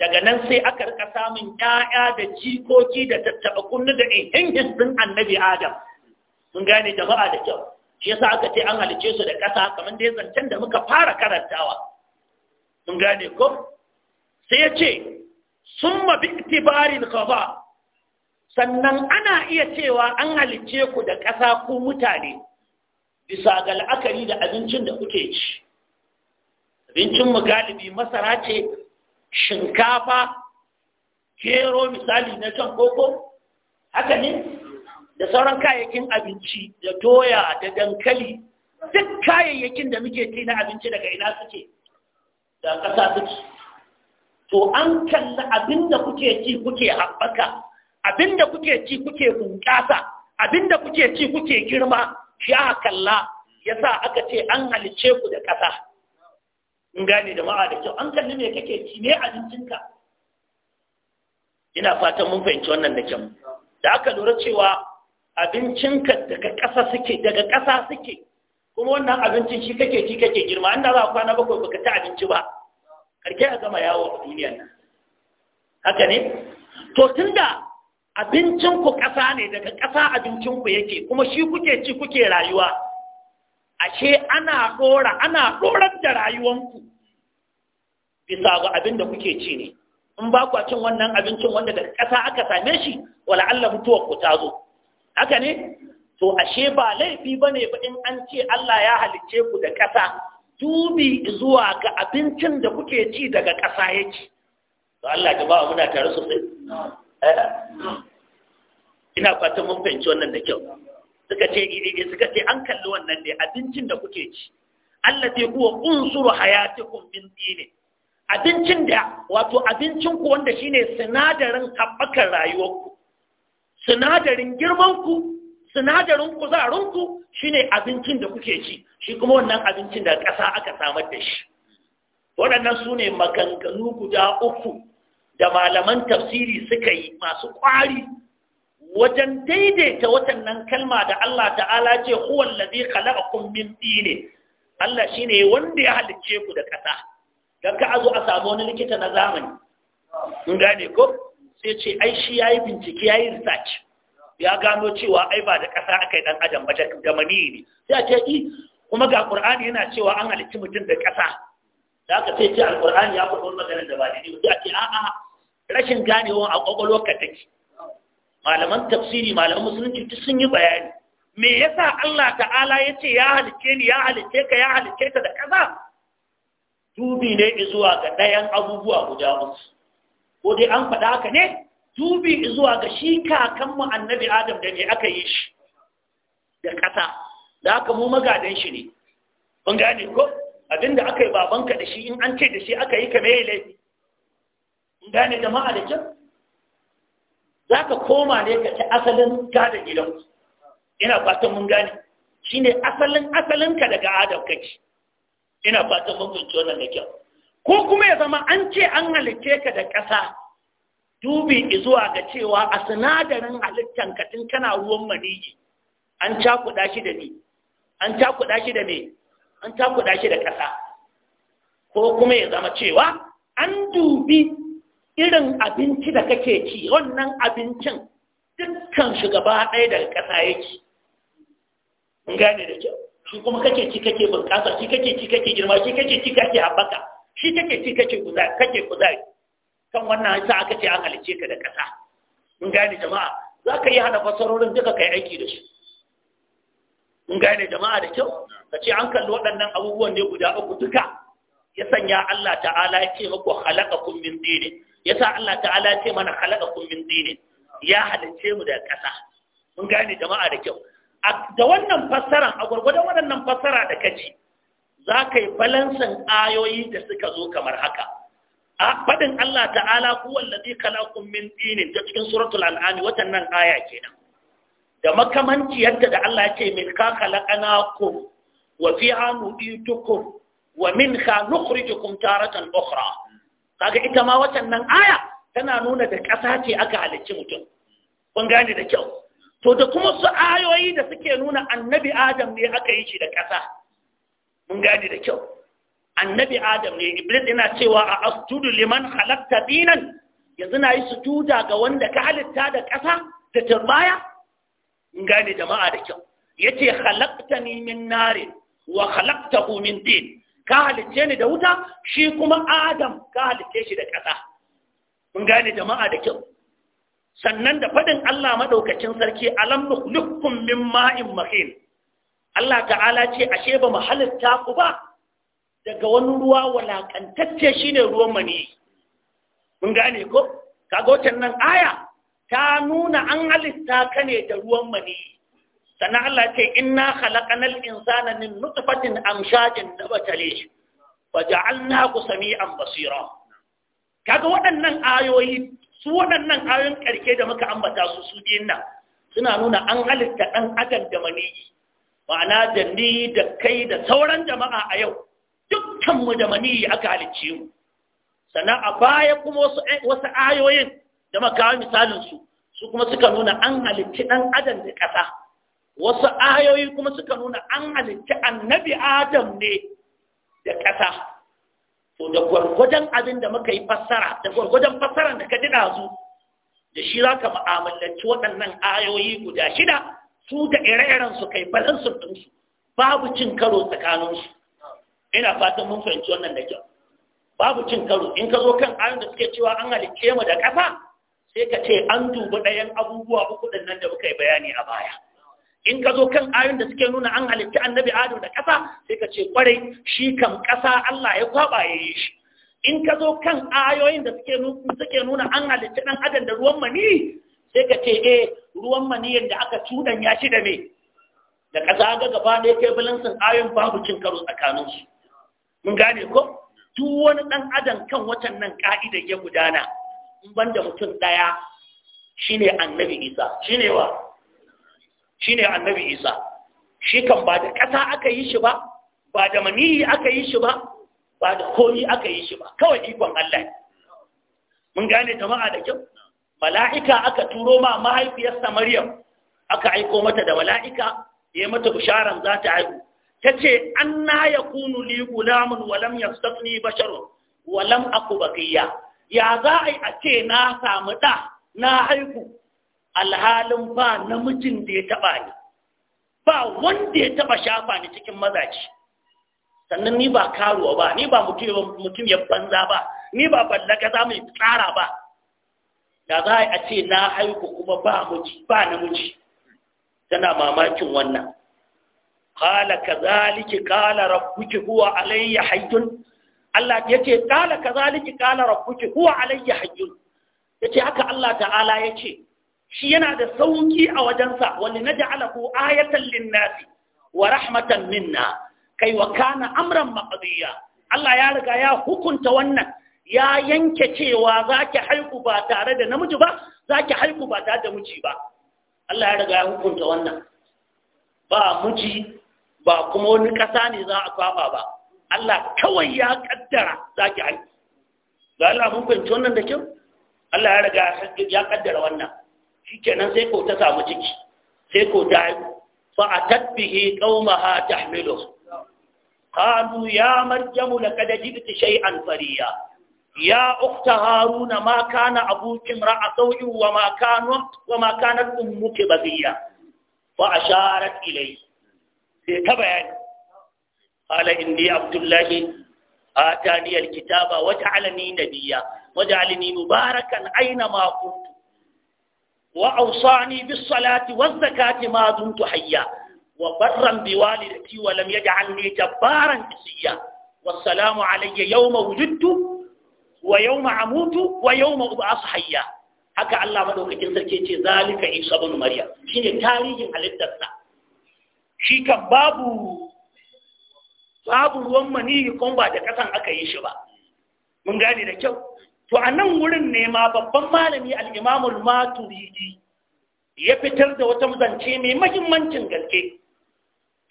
daga nan sai aka rika samun ƴaƴa da jikoki da tattaba kunnu da ihinhin din annabi adam mun gane jama'a da kyau shi yasa aka ce an halice su da ƙasa kamar da ya zancen da muka fara karantawa mun gane ko sai ya ce sun ma bi itibarin kaza sannan ana iya cewa an halice ku da ƙasa ku mutane bisa ga la'akari da abincin da kuke ci mu galibi masara ce shinkafa gero misali na can koko haka ne da sauran kayayyakin abinci da doya da dankali duk kayayyakin da muke ci na abinci daga ina suke da ƙasa suke to an kalla abinda kuke ci kuke haɓaka abin da kuke ci kuke bunƙasa abinda kuke ci kuke girma shi aka kalla yasa aka ce an halice ku da ƙasa in gane jama'a da kyau an kalli me kake ci ne, a jikinka ina fatan mun fahimci wannan da kyau da aka lura cewa abincinka daga ƙasa suke daga ƙasa suke kuma wannan abincin shi kake ci kake girma da za a kwana bakwai baka ta abinci ba karke a gama yawo a duniyar nan haka ne to tunda abincin ku ƙasa ne daga ƙasa abincin ku yake kuma shi kuke ci kuke rayuwa ashe ana ɗora ana dorar da rayuwanku bisa ga abin da kuke ci ne in ba ku cin wannan abincin wanda daga ƙasa aka same shi wala Allah mutuwar ku ta zo haka ne to ashe ba laifi bane ba in an ce Allah ya halicce ku da ƙasa dubi zuwa ga abincin da kuke ci daga ƙasa yake to Allah ya ba muna tare sosai eh? ina fatan mun fahimci wannan da kyau suka ce suka ce an kalli wannan ne abincin da kuke ci Allah zai kuwa unsuru hayatikum min dini abincin da wato abincin ku wanda shine sinadarin haɓakar rayuwarku sinadarin girmanku sinadarin ku shine abincin da kuke ci shi kuma wannan abincin da ƙasa aka samar da shi waɗannan su ne maganganu guda uku da malaman tafsiri suka yi masu ƙwari wajen daidaita waɗannan kalma da Allah ta'ala ce huwallazi khalaqakum min ne. Allah shine wanda ya halicce ku da ƙasa don ka azo a samu wani likita na zamani mun gane ko sai ce ai shi ya yi bincike ya yi research ya gano cewa ai ba da ƙasa aka yi ɗan adam ba da mani ne sai a ce yi kuma ga ƙur'ani yana cewa an halitti mutum da ƙasa da aka sai ce alƙur'ani ya faɗo maganar da ba da ne sai a ce a'a rashin ganewa a ƙwaƙwalwar ka take malaman tafsiri malaman musulunci duk sun yi bayani me yasa Allah ta'ala ya ce ya halitte ni ya halitte ka ya halitte ka da ƙasa dubi ne zuwa ga ɗayan abubuwa guda uku ko dai an faɗa haka ne dubi zuwa ga shi kakanmu annabi adam da ne aka yi shi da ƙasa da aka mu magadan shi ne kun gane ko abinda aka yi babanka da shi in an ce da shi aka yi ka mai laifi in gane jama'a da kyau za ka koma ne ka ci asalin gadon gidan ina fatan mun gane Shi ne asalin asalinka daga adam kake ina fatan mafunci wannan da kyau ko kuma ya zama an ce an halitte ka da ƙasa dubi zuwa ga cewa a sinadarin halittan ka tun kana ruwan maniji an cakuɗa shi da ni an cakuɗa shi da me an cakuɗa shi da ƙasa ko kuma ya zama cewa an dubi irin abinci da kake ci wannan abincin dukkan shugaba ɗaya daga ƙasa yake gane da kyau shi kuma kake ci kake bunƙasa shi kake ci kake girma shi kake ci kake haɓaka shi kake ci kake kuzari kake kuzari kan wannan sa aka ce an halice ka da ƙasa mun gane jama'a za ka yi hana fasarorin duka kai aiki da shi. mun gane jama'a da kyau ka ce an kalli waɗannan abubuwan ne guda uku duka ya sanya Allah ta'ala ya ce muku kun min Ya sa Allah ta'ala ya ce mana kun min dini ya halice mu da ƙasa mun gane jama'a da kyau da wannan fassara a gwargwadon waɗannan fassara da kaci za ka yi balansin ayoyi da suka zo kamar haka a faɗin Allah ta'ala huwa allazi khalaqakum min tinin ta cikin suratul al'ani watan nan aya kenan da makamanci yadda da Allah ya ce min ka khalaqnakum wa fiha nuditukum wa minha nukhrijukum taratan ukhra kaga ita ma watan nan aya tana nuna da ƙasa ce aka halicci mutum kun gane da kyau to da kuma su ayoyi da suke nuna annabi adam ne aka yi shi da ƙasa mun gadi da kyau annabi adam ne iblis yana cewa a asjudu liman halatta dinan yanzu na yi sujuda ga wanda ka halitta da ƙasa da turbaya mun gadi jama'a da kyau yace khalaqtani min narin wa khalaqtahu min din ka halicce ni da wuta shi kuma adam ka halicce shi da ƙasa mun gane jama'a da kyau sannan da faɗin Allah maɗaukacin sarki alam nukhluqukum min ma'in mahin Allah ta'ala ce ashe ba mu halitta ku ba daga wani ruwa walakantacce shine ruwan mani mun gane ko kaga waccan nan aya ta nuna an halitta ka ne da ruwan mani sannan Allah ce inna khalaqanal insana min nutfatin amshajin nabatale wa ja'alnahu sami'an basira kaga waɗannan ayoyi su waɗannan ayoyin ƙarke da muka ambata su su nan suna nuna an halitta ɗan adam da maniyi ma'ana da ni da kai da sauran jama'a a yau dukkanmu da maniyi aka halicce mu sannan a baya kuma wasu eh, ayoyin da makawa misalin su su kuma suka nuna an halitta ɗan adam da ƙasa wasu ayoyi kuma suka nuna an halitta annabi adam ne da ƙasa to da gwargwajen abin da muka yi fassara da gwargwajen fassaran da ka ji su da shi za ka mu'amalanci waɗannan ayoyi guda shida su da ire-iren su kai balansu ɗinsu babu cin karo tsakaninsu ina fatan mun fahimci wannan da kyau babu cin karo in ka zo kan ayoyin da suke cewa an halicce mu da kafa sai ka ce an dubi ɗayan abubuwa uku ɗin nan da muka yi bayani a baya in ka zo kan ayoyin da suke nuna an halitta annabi adam da ƙasa sai ka ce ƙwarai shi kan ƙasa Allah ya kwaba ya yi shi in ka zo kan ayoyin da suke nuna an halitta ɗan adam da ruwan mani sai ka ce eh ruwan mani da aka cudan ya shi da me da ƙasa ga gaba ɗaya kai balansin ayoyin babu cin karo tsakaninsu mun gane ko duk wani ɗan adam kan watan nan ka'idar ya gudana in banda mutum ɗaya shine annabi isa shine wa shine annabi isa shi kan ba da ƙasa aka yi shi ba ba da maniyi aka yi shi ba ba da komi aka yi shi ba kawai ikon Allah mun gane jama'a da kyau mala'ika aka turo ma mahaifiyarsa Maryam aka aiko mata da mala'ika ya mata bisharan za ta haihu ta ce an na ya kunu li gulamun walam ya stafni basharun walam aku bakiya ya za a yi a ce na samu ɗa na haihu alhalin ba namijin da ya taɓa ni ba wanda ya taɓa shafa ni cikin mazaje sannan ni ba karuwa ba ni ba mutum ya banza ba ni ba ballaka za mu yi tsara ba da za a ce na haiku kuma ba muji ba namiji tana mamakin wannan qala kadhalika kala rabbuki huwa alayya hayyun Allah kala qala kadhalika kala rabbuki huwa alayya hayyun yace haka Allah ta'ala yace shi yana da sauki a wajensa wani na ja'alahu ayatan linnasi wa rahmatan minna kai wa kana amran maqdiya Allah ya riga ya hukunta wannan ya yanke cewa zaki haiku ba tare da namiji ba zaki haiku ba tare da miji ba Allah ya riga ya hukunta wannan ba miji ba kuma wani ƙasa ne za a kwaba ba Allah kawai ya kaddara zaki haiku ga Allah hukunta wannan da kyau Allah ya riga ya kaddara wannan shikenan sai ko ta samu ciki sai ko ta haihu fa atat bihi qaumaha tahmilu qalu ya marjamu laqad jibti shay'an fariya ya ukhta haruna ma kana abuki imra'a sawi wa ma kana wa ma kanat ummuki baghiya fa asharat ilayhi sai ta bayani qala inni abdullahi آتاني الكتاب وجعلني نبيا وجعلني مباركا أينما كنت wa awsani bis salati waz zakati ma dumtu hayya wa barran bi walidati wa lam yaj'alni jabbaran qisiya wassalamu alayya yawma wulidtu wa yawma amutu wa yawma ub'as hayya haka Allah madaukakin sarki ce zalika isa ibn maryam shine tarihin halittarsa shi kan babu babu ruwan maniyi kon ba da kasan aka yi shi ba mun gane da kyau to a nan wurin ne ma babban malami al'imamul maturidi ya fitar da wata zance mai mahimmancin galke.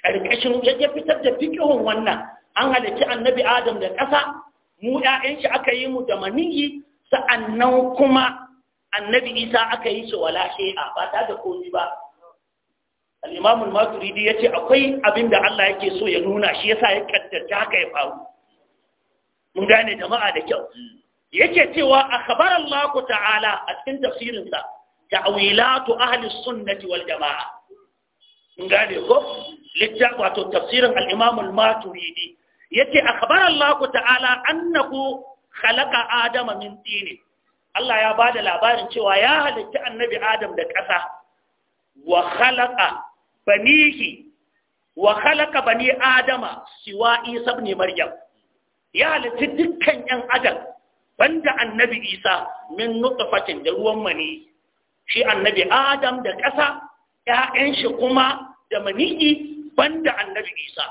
ƙarƙashin ya fitar da fikihun wannan an halarci annabi adam da ƙasa mu ‘ya'yan shi aka yi mu da maniyi sa'annan kuma annabi isa aka yi shi wala shi'a ba ta da komi ba al'imamul maturidi ya ce akwai abin da allah yake so ya nuna shi yasa ya ta haka ya faru mun gane jama'a da kyau yake cewa akhbar Allah ta'ala a cikin tafsirin sa ta'wilatu ahli sunnati wal jamaa ngade ko litta wato tafsirin Al'imamul imam al-maturidi yace akhbar ta'ala annahu khalaqa adama min Allah ya bada labarin cewa ya halitta annabi Adam da ƙasa wa khalaqa banihi wa khalaqa bani Adama siwa Isa ibn Maryam ya halitta dukkan ƴan Adam banda annabi isa min nutfatin da ruwan mani shi annabi adam da ƙasa ‘ya'yan shi kuma da maniyi banda annabi isa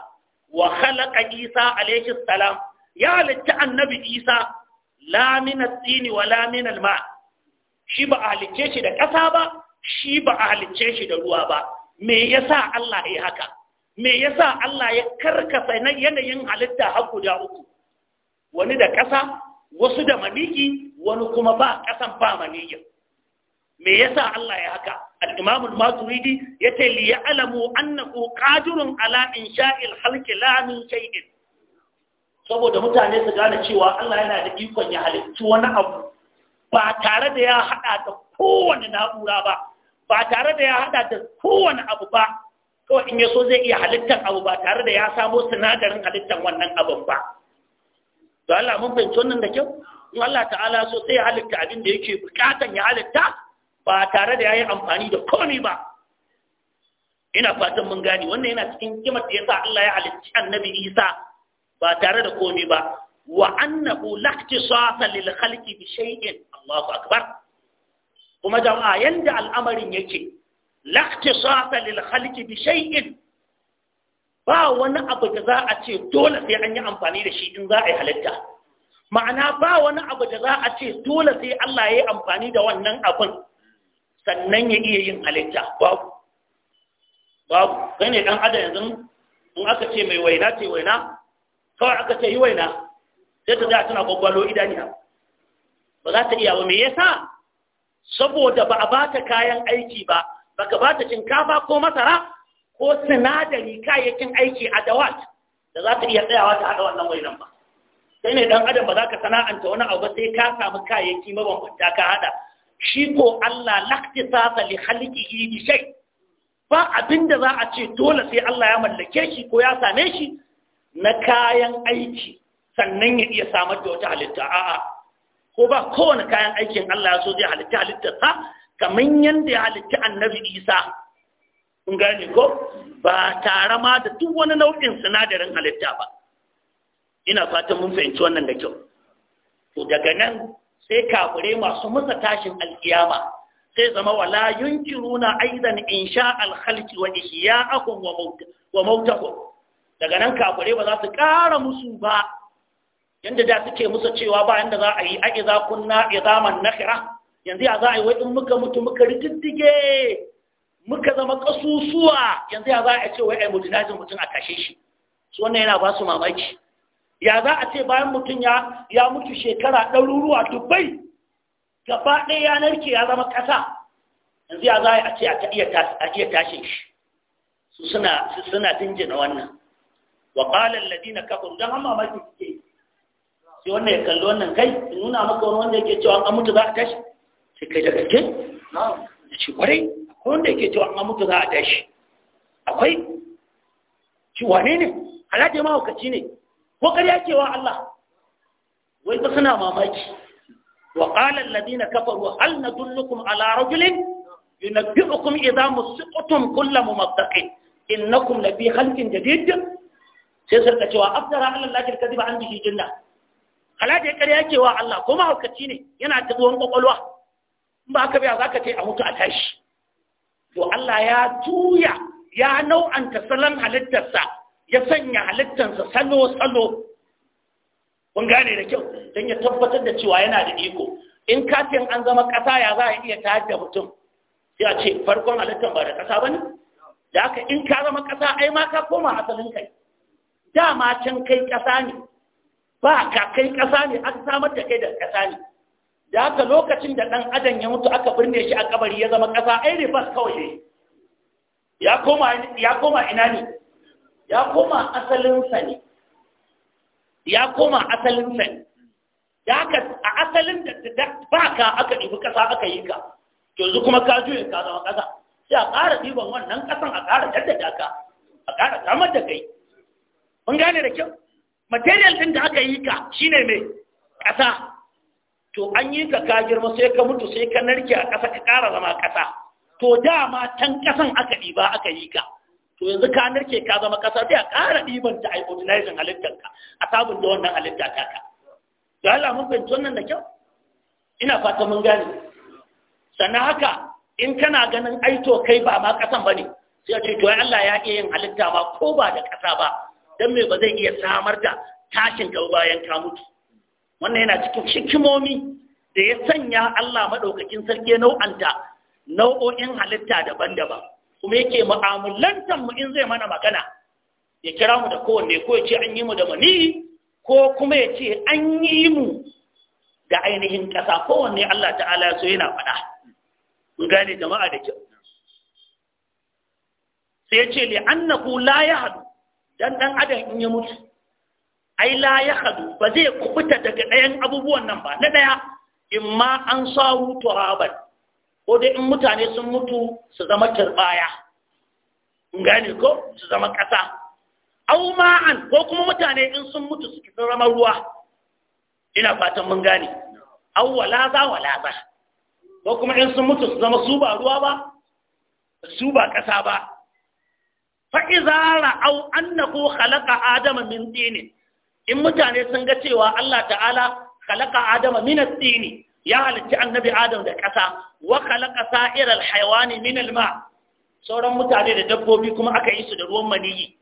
wa khalaqa isa alaihi salam ya halitta annabi isa la min tsini wa la min shi ba a halicce shi da ƙasa ba shi ba a halicce shi da ruwa ba me yasa Allah ya haka me yasa Allah ya karkasa yanayin halitta har guda uku wani da ƙasa wasu da maniki wani kuma ba kasan ba manikin me yasa Allah ya haka al-Imam al-Maturidi yace li ya'lamu annahu qadirun ala insha'il halqi la min shay'in saboda mutane su gane cewa Allah yana da ikon ya halittu wani abu ba tare da ya hada da kowane na'ura ba ba tare da ya hada da kowanne abu ba kawai in yaso zai iya halittar abu ba tare da ya samo sinadarin halittar wannan abun ba to Allah mun fahimci wannan da kyau in Allah ta'ala so sai ya halitta abin da yake bukatan ya halitta ba tare da yayi amfani da komai ba ina fatan mun gane wannan yana cikin kimar da yasa Allah ya halicci Annabi Isa ba tare da komai ba wa annahu laqtisasa lil khalqi bi shay'in Allahu akbar kuma jama'a yanda al'amarin yake laqtisasa lil khalqi bi shay'in ba wani abu da za a ce dole sai an yi amfani da shi in za a yi halitta ma'ana ba wani abu da za a ce dole sai Allah ya yi amfani da wannan abin sannan ya iya yin halitta babu babu kai ne dan adam yanzu in aka ce mai waina ce waina kawai aka ce yi waina sai ta za tana gwagwalo idaniya ba za ta iya ba me yasa saboda ba a ba ta kayan aiki ba baka ba ta shinkafa ko masara ko sinadari kayayyakin aiki a dawat da za ta iya tsayawa ta haɗa wannan wainan ba sai ne dan adam ba za ka sana'anta wani abu sai ka samu kayayyaki mabambanta ka haɗa shi ko Allah laktisasa li khalqihi bi shay ba abinda za a ce dole sai Allah ya mallake shi ko ya same shi na kayan aiki sannan ya iya samar da wata halitta a'a ko ba kowane kayan aikin Allah ya so zai halitta halittarsa kamar yadda ya halitta annabi Isa kun gane ko ba tare ma da duk wani nau'in sinadarin halitta ba ina fatan mun fahimci wannan da kyau to daga nan sai kafure masu musa tashin alkiyama sai zama wala yunkiruna aidan insha alkhalqi wa ihya'akum wa maut wa mautakum daga nan kafure ba za su ƙara musu ba yanda da suke musa cewa ba yanda za a yi a idza kunna idaman nakhira yanzu ya za a yi wai in muka mutu muka rididdige muka zama kasusuwa yanzu ya za a ce wai ai mutunajin mutum a kashe shi su wannan yana ba su mamaki ya za a ce bayan mutum ya ya mutu shekara ɗaruruwa dubbai gaba ɗaya ya narke ya zama ƙasa yanzu ya za a ce a iya tashin shi su suna suna dinjina wannan wa qala alladhina kafaru dan amma mamaki suke sai wannan ya kalli wannan kai nuna maka wani wanda yake cewa an mutu za a tashi sai kai da gaske na ce kwarai wanda yake cewa amma mutu za a tashi akwai shi wane ne alhaji mahaukaci ne ko karya cewa Allah wai ba suna mamaki wa qala alladhina kafaru hal nadullukum ala rajulin yunabbi'ukum idza musiqtum kullu mumattaqin innakum la fi khalqin jadid sai sarka cewa afdara ala allahi alkadiba an bihi janna alhaji karya cewa Allah ko mahaukaci ne yana tabuwan kwakwalwa in ba haka biya za ka ce a mutu a tashi to Allah ya tuya ya nau'anta salon halittarsa ya sanya halittarsa salo-salo kun gane da kyau don ya tabbatar da cewa yana da iko in katin an zama ƙasa ya za a iya tayar da mutum sai a ce farkon halittar ba da ƙasa ba ne da haka in ka zama ƙasa ai ma ka koma asalin kai dama can kai ƙasa ne ba ka kai ƙasa ne An samar da kai da ƙasa ne da ga lokacin da ɗan adam ya mutu aka birne shi a kabari ya zama ƙasa ai rifas kawai ya koma ina ne ya koma asalinsa ne ya koma asalinsa ne da haka a asalin da ba ka aka ɗibi ƙasa aka yi ka yanzu kuma ka juye ka zama ƙasa sai a ƙara ɗiban wannan ƙasan a ƙara jaddada ka a ƙara samar da kai mun gane da kyau material ɗin da aka yi ka shine mai ƙasa to an yi ka ka girma sai ka mutu sai ka narke a ƙasa ka ƙara zama ƙasa to dama can ƙasan aka ɗiba aka yi ka to yanzu ka narke ka zama ƙasa sai a ƙara ɗiban ta a utilizing halittar ka a sabon da wannan halitta ta ka to Allah mun fahimci wannan da kyau ina fata mun gane sannan haka in kana ganin aito kai ba ma ƙasan ba ne sai a ce to Allah ya iya yin halitta ba ko ba da ƙasa ba dan me ba zai iya samar da tashin ka bayan ka mutu wannan yana cikin hikimomi da ya sanya Allah maɗaukakin sarki nau'anta nau'o'in halitta daban-daban kuma yake mu'amulantar mu in zai mana magana ya kira mu da kowanne ko ya ce an yi mu da mani ko kuma ya ce an yi mu da ainihin ƙasa kowanne Allah ta'ala Ya so yana faɗa mun gane jama'a da kyau sai ya ce li annahu la yahdu dan dan adam in ya mutu ai la ya hadu ba zai kubuta daga ɗayan abubuwan nan ba na ɗaya in ma an saru turaban ko dai in mutane sun mutu su zama turbaya in gane ko su zama ƙasa au ma'an ko kuma mutane in sun mutu su zama ruwa ina fatan mun gane au wala za ko kuma in sun mutu su zama su ba ruwa ba su ba ƙasa ba fa'iza ra'au annahu khalaqa adama min tinin in mutane sun ga cewa Allah ta'ala khalaqa adama minas at ya halicci annabi adam da ƙasa wa khalaqa sa'ir al min ma sauran mutane da dabbobi kuma aka yi su da ruwan maniyi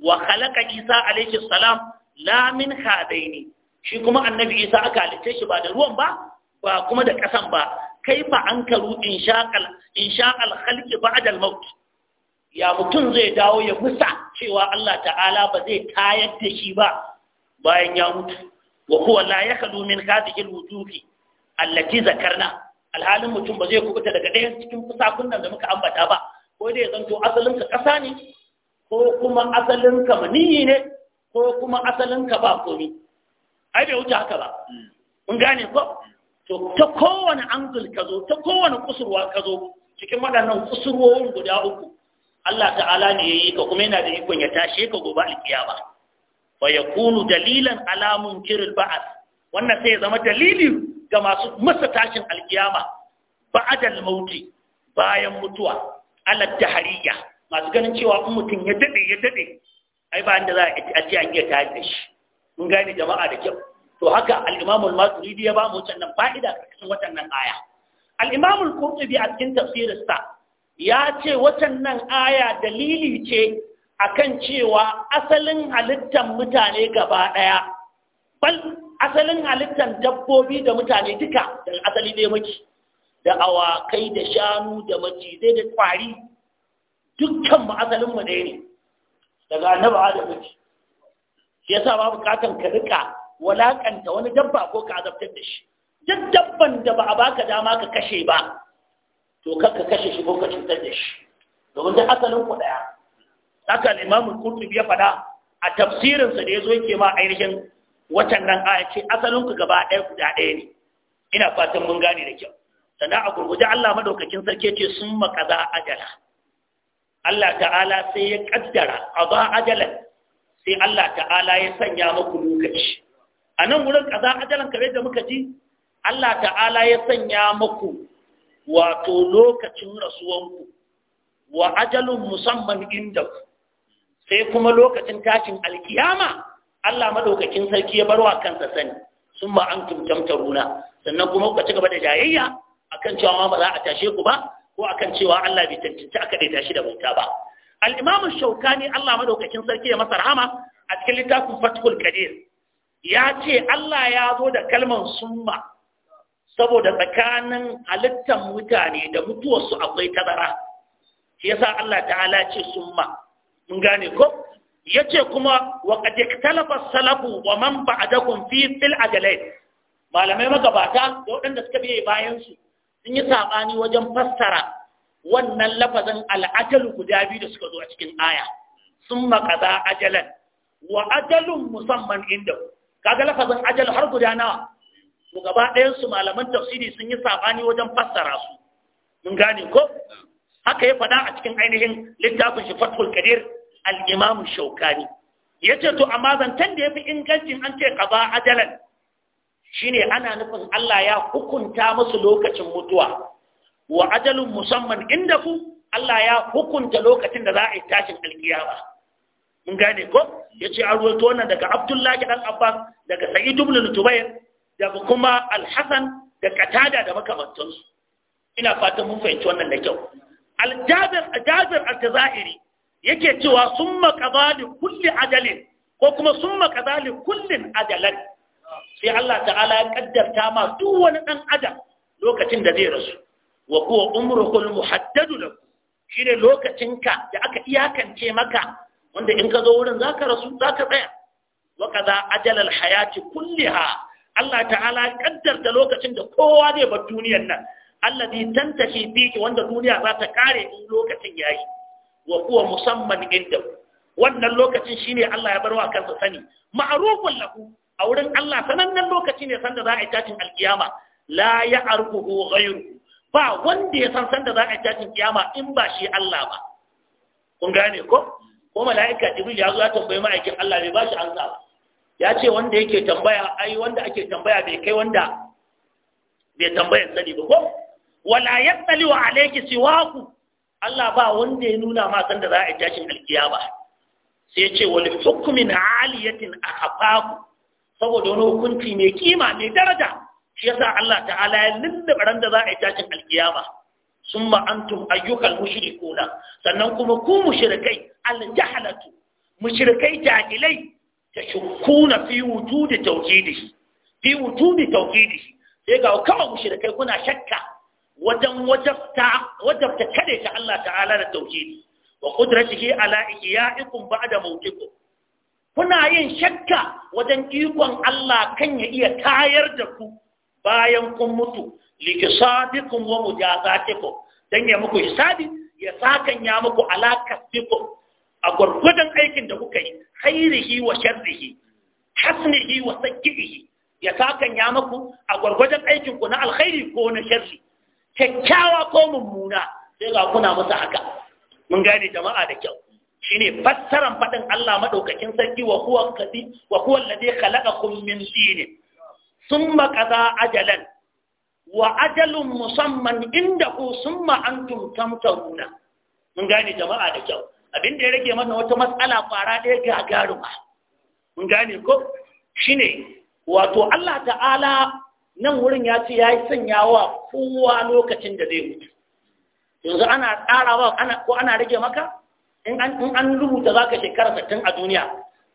wa khalaqa isa alayhi salam la min khadaini shi kuma annabi isa aka halicce shi ba da ruwan ba ba kuma da ƙasan ba kai fa an karu in shaƙal halki ba'adal maut ya mutum zai dawo ya musa cewa Allah ta'ala ba zai tayar da shi ba bayan ya mutu wa huwa la yakhlu min hadhihi alwujuhi allati zakarna alhalin mutum ba zai kubuta daga ɗayan cikin fusakun nan da muka ambata ba ko dai zanto asalinka ƙasa ne ko kuma asalinka maniyi ne ko kuma asalinka ba komi ai bai wuce haka ba mun gane ko to ta kowane angul ka zo ta kowane kusurwa ka zo cikin waɗannan kusurwoyin guda uku Allah ta'ala ne ya yi ka kuma yana da ikon ya tashe ka gobe alkiyama wa yakunu dalilan ala munkiril ba'ath wannan sai ya zama dalili ga masu masa tashin alkiyama ba'adal mauti bayan mutuwa ala tahriya masu ganin cewa in mutum ya dade ya dade ai ba inda za a ci ce an iya tayar da shi mun gane jama'a da kyau to haka al-Imam al-Maturidi ya ba mu wannan fa'ida cikin wannan aya al-Imam al-Qurtubi a cikin tafsirinsa ya ce wannan aya dalili ce akan cewa asalin halittar mutane gaba ɗaya bal asalin halittar dabbobi da mutane duka da asali ne maki da awakai da shanu da macizai da kwari dukkan mu asalin mu ne daga annabi adam ne shi yasa ba bukatan ka rika walakanta wani dabba ko ka azabtar da shi duk dabban da ba a baka dama ka kashe ba to kar ka kashe shi ko ka cutar da shi domin duk asalin ku ɗaya haka al-imam al-qurtubi ya faɗa a tafsirinsa da yazo yake ma ainihin watan nan aya ce asalin ku gaba ɗaya guda ɗaya ne ina fatan mun gane da kyau sannan a gurguje Allah madaukakin sarki ce sun makaza ajala Allah ta'ala sai ya kaddara ba ajalan sai Allah ta'ala ya sanya muku lokaci a nan wurin kaza ajalan kare da muka ji Allah ta'ala ya sanya muku wato lokacin rasuwanku wa ajalun musamman inda ku sai kuma lokacin tashin alkiyama Allah madaukakin sarki ya barwa kansa sani sun ba an runa sannan kuma kuka ci gaba da jayayya akan cewa ma ba za a tashe ku ba ko akan cewa Allah bai tantance aka dai tashi da bauta ba al-imamu shawkani Allah madaukakin sarki ya masa rahama a cikin littafin fatkul kadir ya ce Allah ya zo da kalman summa saboda tsakanin halittar mutane da mutuwarsu akwai tazara shi yasa Allah ta'ala ce summa mun gane ko yace kuma wa qad ikhtalafa salafu wa man ba'dakum fi fil ajalay malamai magabata da waɗanda suka biye bayan su sun yi sabani wajen fassara wannan lafazin al'ajal guda biyu da suka zo a cikin aya sun qada ajalan wa ajalun musamman inda kaga lafazin ajal har guda nawa mu gaba ɗayan su malaman tafsiri sun yi sabani wajen fassara su mun gane ko haka ya faɗa a cikin ainihin littafin shi fathul kadir al-imam shaukani yace to amma zantan da yafi ingancin an ce qada ajalan shine ana nufin Allah ya hukunta musu lokacin mutuwa wa ajalun musamman inda ku Allah ya hukunta lokacin da za a yi tashin alkiyama mun gane ko yace an ruwaito wannan daga Abdullahi dan Abbas daga Sa'id ibn Jubair da kuma Al-Hasan da Qatada da makamantansu ina fatan mun fahimci wannan da kyau Al-Jabir Jabir al yake cewa sun maƙaza da ajalin ko kuma sun makazali kullin ajalan sai Allah ta'ala ya ƙaddarta ma duk wani ɗan adam lokacin da zai rasu wa kuwa umruhul muhaddadu lahu shine lokacinka da aka iyakance maka wanda in ka zo wurin zaka rasu zaka tsaya wa kaza ajalal hayati kulliha Allah ta'ala kaddarta lokacin da kowa zai bar duniyar nan alladhi tantashi fihi wanda duniya za ta kare in lokacin yayi wa kuwa musamman inda wannan lokacin shine Allah ya bar wa kansa sani ma'rufun lahu a wurin Allah sanannen lokaci ne sanda za a yi tashin alkiyama la ya'rifuhu ghayru ba wanda ya san sanda za a yi tashin kiyama in ba shi Allah ba kun gane ko ko mala'ika jibril ya zo ya tambayi ma'aikin Allah bai ba shi ansa ba ya ce wanda yake tambaya ai wanda ake tambaya bai kai wanda bai tambaya sani ba ko wala yattali wa alayki siwaku Allah ba wanda ya nuna ma san da za a tashin alkiyama sai ce wal hukmin aliyatin ahfaku saboda wani hukunci mai kima mai daraja shi yasa Allah ta'ala ya lullube ran da za a tashin alkiyama sun antum ayyukan mushrikuna sannan kuma ku mushrikai al jahalatu mushrikai jahilai tashukkuna fi wujudi tauhidihi fi wujudi tauhidihi sai ga kawai mushrikai kuna shakka wajen wajabta kade ta Allah ta'ala da tauhidi wa qudratihi ala ihya'ikum ba'da mawtikum kuna yin shakka wajen ikon Allah kan ya iya tayar da ku bayan kun mutu likisabikum wa mujazatikum dan ya muku hisabi ya sakan ya muku alakatikum a gwargwadon aikin da kuka yi khairihi wa sharrihi hasnihi wa sayyihi ya sakan ya muku a gwargwadon aikin ku na alkhairi ko na sharri kyakkyawa ko mummuna sai ga kuna musu haka mun gane jama'a da kyau shine fassaran fadin Allah maɗaukakin sarki wa huwa kadi wa huwa alladhi khalaqakum min tin thumma qada ajalan wa ajalun musamman inda indahu summa antum tamtaruna mun gane jama'a da kyau Abin da ya rage mana wata matsala fara ɗaya gagaruma mun gane ko shine wato Allah ta'ala nan wurin ya ce ya yi sanyawa wa kowa lokacin da zai mutu yanzu ana ba ko ana rage maka in an rubuta za ka shekara sattin a duniya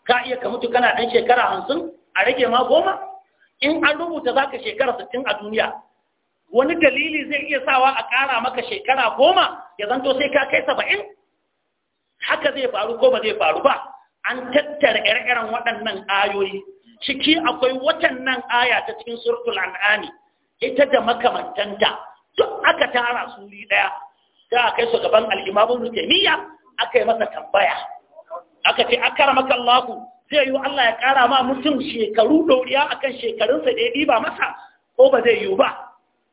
ka iya ka mutu kana ɗan shekara hamsin a rage ma goma in an rubuta za ka shekara sattin a duniya wani dalili zai iya sawa a ƙara maka shekara goma ya zanto sai ka kai saba'in haka zai faru ko ba zai faru ba an tattara ire-iren waɗannan ayoyi ciki akwai watannan aya ta cikin surtul an'ami ita da makamantanta duk aka tara suri daya Da aka kai su gaban al-imam ibn aka yi masa tambaya aka ce akramaka allahu zai yi Allah ya kara ma mutum shekaru doriya akan shekarunsa da ya diba masa ko ba zai yi ba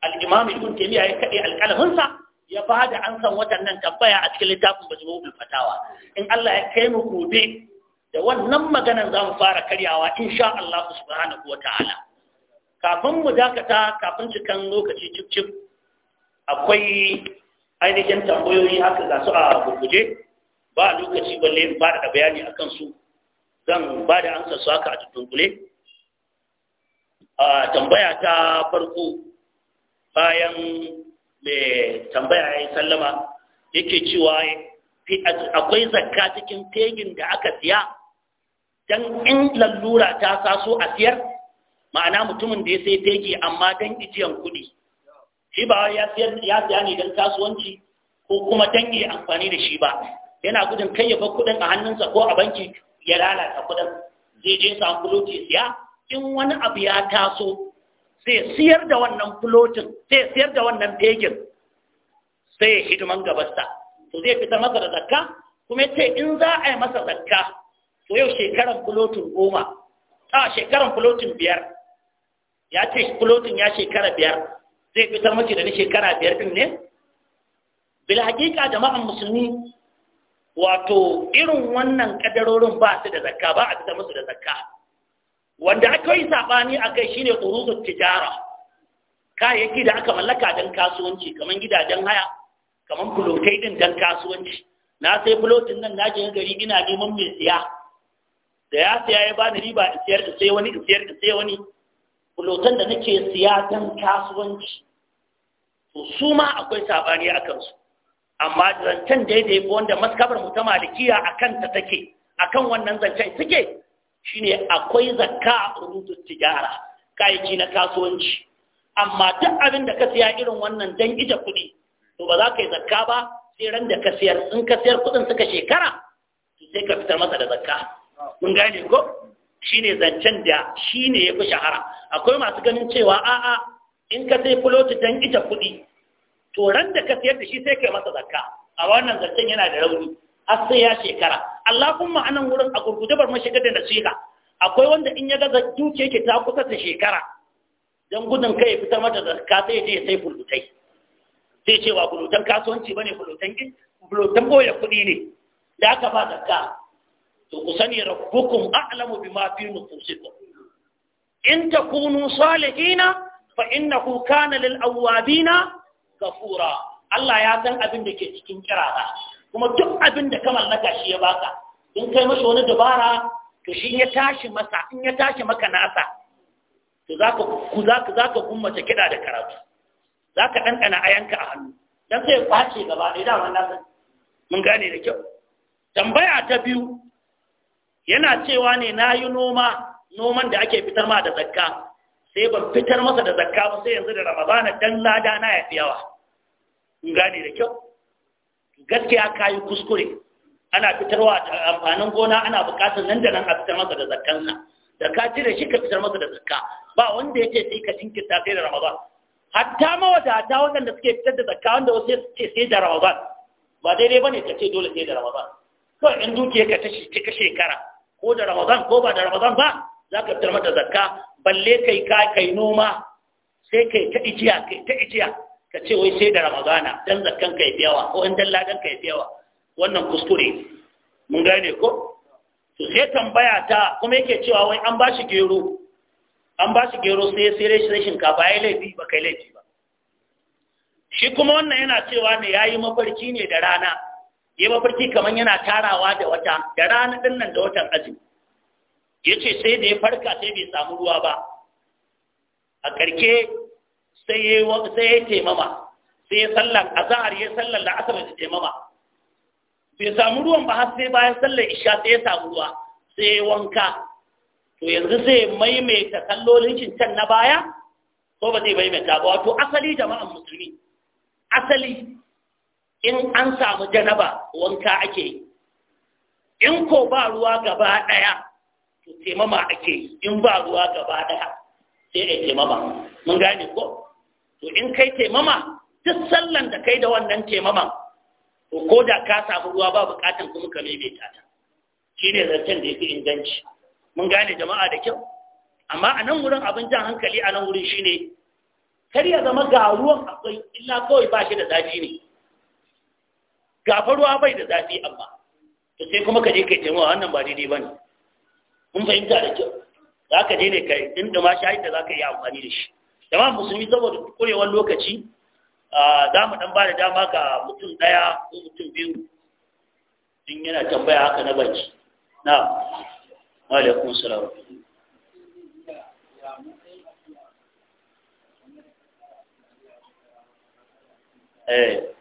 al-imam ibn ya kaɗe alƙalaminsa ya ba da an san watannan tambaya a cikin littafin majmu'ul fatawa in Allah ya kai mu gobe da wannan maganar za mu fara karyawa insha Allah subhanahu wa ta'ala kafin mu dakata kafin cikan lokaci cip akwai ainihin tambayoyi haka ga su a gurguje ba lokaci balle ba fara da bayani akan su zan ba da amsar su haka a tuntungule a tambaya ta farko bayan mai tambaya ya yi sallama yake cewa akwai zakka cikin tegin da aka siya dan in lallura ta saso a siyar ma'ana mutumin da ya sai fegi amma dan ijiyan kuɗi shi ba ya siyar ya siya ne dan kasuwanci ko kuma dan yi amfani da shi ba yana gudun kai ya bar kuɗin a hannunsa ko a banki ya lalata kuɗin zai je samu kuloci siya in wani abu ya taso sai siyar da wannan kulotin sai siyar da wannan fegin sai hidiman gabasta to zai fita masa da zakka kuma ce in za a yi masa zakka yau shekaran fulotin goma a shekaran fulotin biyar ya ce fulotin ya shekara biyar zai fitar mace da ni shekara biyar din ne bil hakika jama'an musulmi wato irin wannan kadarorin ba su da zakka ba a fitar musu da zakka wanda aka yi sabani kai shine uruzut tijara kayayyaki da aka mallaka don kasuwanci kamar gidajen haya kamar fulotai din don kasuwanci na sai fulotin nan na je gari ina neman mai siya da ya siya ya bani riba in siyar da sai wani in siyar da sai wani bulotan da nake siya don kasuwanci to su ma akwai sabani a kansu amma zancen daidai ko wanda maskabar mu ta malikiya a kanta take akan wannan zancen suke shine akwai zakka a rudu tijara kayayyaki na kasuwanci amma duk abin da ka siya irin wannan dan ije kuɗi to ba za ka yi zakka ba sai ran da ka siyar in ka siyar kuɗin suka shekara sai ka fitar masa da zakka mun gane ko shine zancen da shine ya fi shahara akwai masu ganin cewa a'a in ka sai fuloti don ita kuɗi to ran da ka sayar da shi sai kai masa zakka a wannan zancen yana da rauni har sai ya shekara Allah kuma anan wurin a gurguje bar mashiga da nasiha akwai wanda in ya ga duke ke ta kusa ta shekara don gudun kai fitar mata zakka sai je sai fulutai sai cewa fulutan kasuwanci bane fulutan fulutan boye kuɗi ne da aka ba zakka to ku sani rabbukum a'lamu bima fi nufusikum in takunu salihina fa innahu kana lil awwabina ghafura Allah ya san abin da ke cikin kirara kuma duk abin da ka mallaka shi ya baka in kai masa wani dabara to shi ya tashi masa in ya tashi maka nasa to zaka ku zaka zaka gummace kida da karatu zaka ɗanɗana ayanka a hannu dan sai ya kwace gaba da dama nasa mun gane da kyau tambaya ta biyu yana cewa ne na yi noma noman da ake fitar ma da zakka sai ban fitar masa da zakka ba sai yanzu da ramadana dan lada na ya fi yawa in gane da kyau gaskiya kayi kuskure ana fitarwa da amfanin gona ana bukatar nan da nan a fitar masa da zakkansa da ka cire shi ka fitar masa da zakka ba wanda yake sai ka jinkirta sai da ramadan hatta mawadata waɗanda suke fitar da zakka wanda wasu ce sai da ramadan ba daidai bane ka ce dole sai da ramadan kawai in dukiyar ka ta shekara ko da ramadan ko ba da ramadan ba za ka fitar mata zakka balle kai ka kai noma sai kai ta ijiya kai ta ijiya ka ce wai sai da ramadana dan zakkan kai biyawa. ko in dan ladan kai biyawa. wannan kuskure mun gane ko to sai tambaya ta kuma yake cewa wai an ba shi gero an ba shi gero sai sai rashin shinkafa yayi laifi ba kai laifi ba shi kuma wannan yana cewa ne yayi mafarki ne da rana ya mafarki kamar yana tarawa da wata da rana ɗin nan da watan azumi ya ce sai da ya farka sai bai samu ruwa ba a ƙarke sai ya taimama sai ya sallar a zahar ya sallar da aka mai taimama bai samu ruwan ba har sai bayan sallar isha sai ya samu ruwa sai ya wanka to yanzu zai maimaita kallolin can na baya ko ba zai maimaita ba wato asali jama'an musulmi asali in an samu janaba wanka ake yi in ko ba ruwa gaba ɗaya to taimama ake yi in ba ruwa gaba ɗaya sai ai taimama mun gane ko to in kai taimama duk sallan da kai da wannan taimaman to ko da ka samu ruwa ba bukatan kuma ka maimaita ta shine zancen da yake inganci mun gane jama'a da kyau amma a nan wurin abin jan hankali a nan wurin shine kar ya zama ga ruwan akwai illa kawai ba shi da zafi ne Gafarwa bai da zafi amma to sai kuma ka je kai taimawa wannan ba daidai bane mun fahimta da kyau za ka je ne ka ma shi da za ka yi amfani da shi jama'a musulmi saboda kurewar lokaci za mu dan ba da dama ga mutum ɗaya ko mutum biyu in yana tambaya haka na baki na alaikum salam eh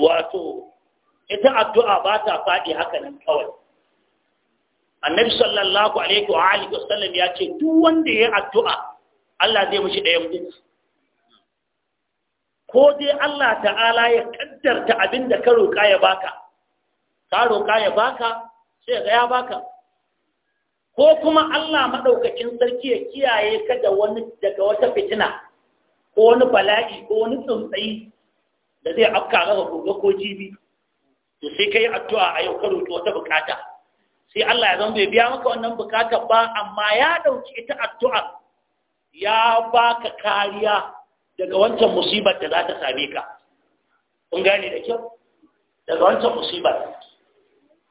wato ita addu'a ba ta faɗi haka nan kawai annabi sallallahu alaihi wa alihi wasallam ya ce duk wanda ya addu'a Allah zai mishi ɗayan uku ko dai Allah ta'ala ya kaddarta abin da ka roƙa ya baka ka roƙa ya baka sai ga ya baka ko kuma Allah madaukakin sarki ya kiyaye ka da wani daga wata fitina ko wani bala'i ko wani tsuntsayi da zai afka raba gobe ko jibi to sai kai addu'a a yau ka roƙi wata bukata sai Allah ya zama bai biya maka wannan bukatar ba amma ya ɗauki ita addu'a ya baka kariya daga wancan musibar da za ta same ka kun gane da kyau daga wancan musibar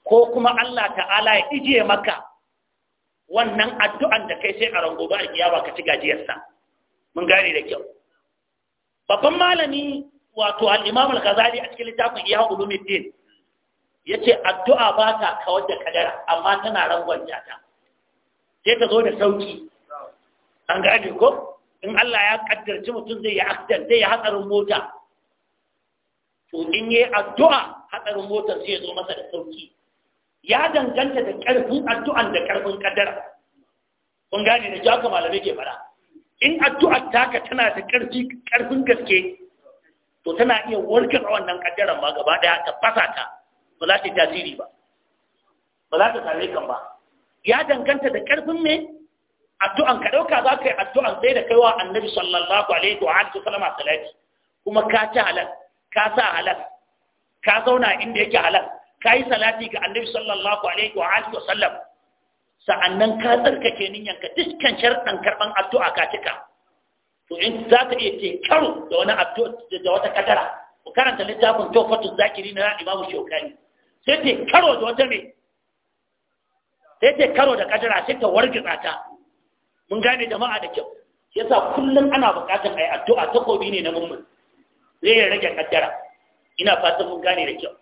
ko kuma Allah ta'ala ya ije maka wannan addu'an da kai sai a rango ba kiyama ka ci gajiyarsa mun gane da kyau babban malami wato alimam imam al-ghazali a cikin littafin iya ya ce addu'a ba ta kawar da kadara amma tana rangwanta ta sai ta zo da sauki an gane ko in Allah ya kaddarci mutum zai yi akdar zai yi hatsarin mota to in yi addu'a hatsarin motar sai ya zo masa da sauki ya danganta da ƙarfin addu'an da ƙarfin kadara kun gane da jaka malamai ke fara in addu'ar taka tana da ƙarfi ƙarfin gaske to tana iya warkar wannan kaddaran ma gaba daya ta fasa ta ba za ta tasiri ba ba za ta same kan ba ya danganta da ƙarfin me addu'an ka dauka za ka yi addu'an sai da kaiwa annabi sallallahu alaihi wa alihi sallama salati kuma ka ci halal ka sa halal ka zauna inda yake halal ka yi salati ga annabi sallallahu alaihi wa alihi sallam sa'annan ka tsarkake niyyanka dukkan sharɗan karɓan addu'a ka cika to in za ka iya ce karo da wani addu'a da wata kadara ku karanta littafin tofatu zakiri na imamu shokani sai ce karo da wata mai sai ce karo da kadara sai ta warge ta mun gane jama'a da kyau yasa kullum ana buƙatar a yi addu'a takobi ne na mummun zai rage kadara ina fatan mun gane da kyau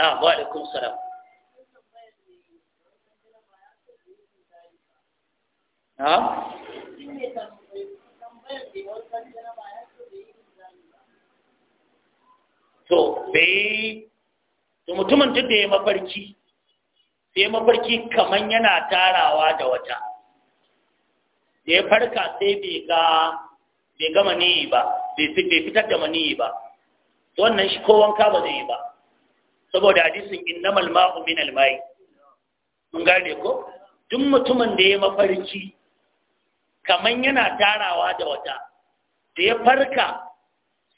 na wa alaikum salam ha to bai to mutumin duk da ya mafarki sai mafarki kaman yana tarawa da wata da ya farka sai bai ga bai maniyi ba bai fitar da maniyi ba to wannan shi ko wanka ba zai yi ba saboda hadisin innamal ma'u min almai, mai mun gane ko duk mutumin da ya mafarki kaman yana tarawa da wata da ya farka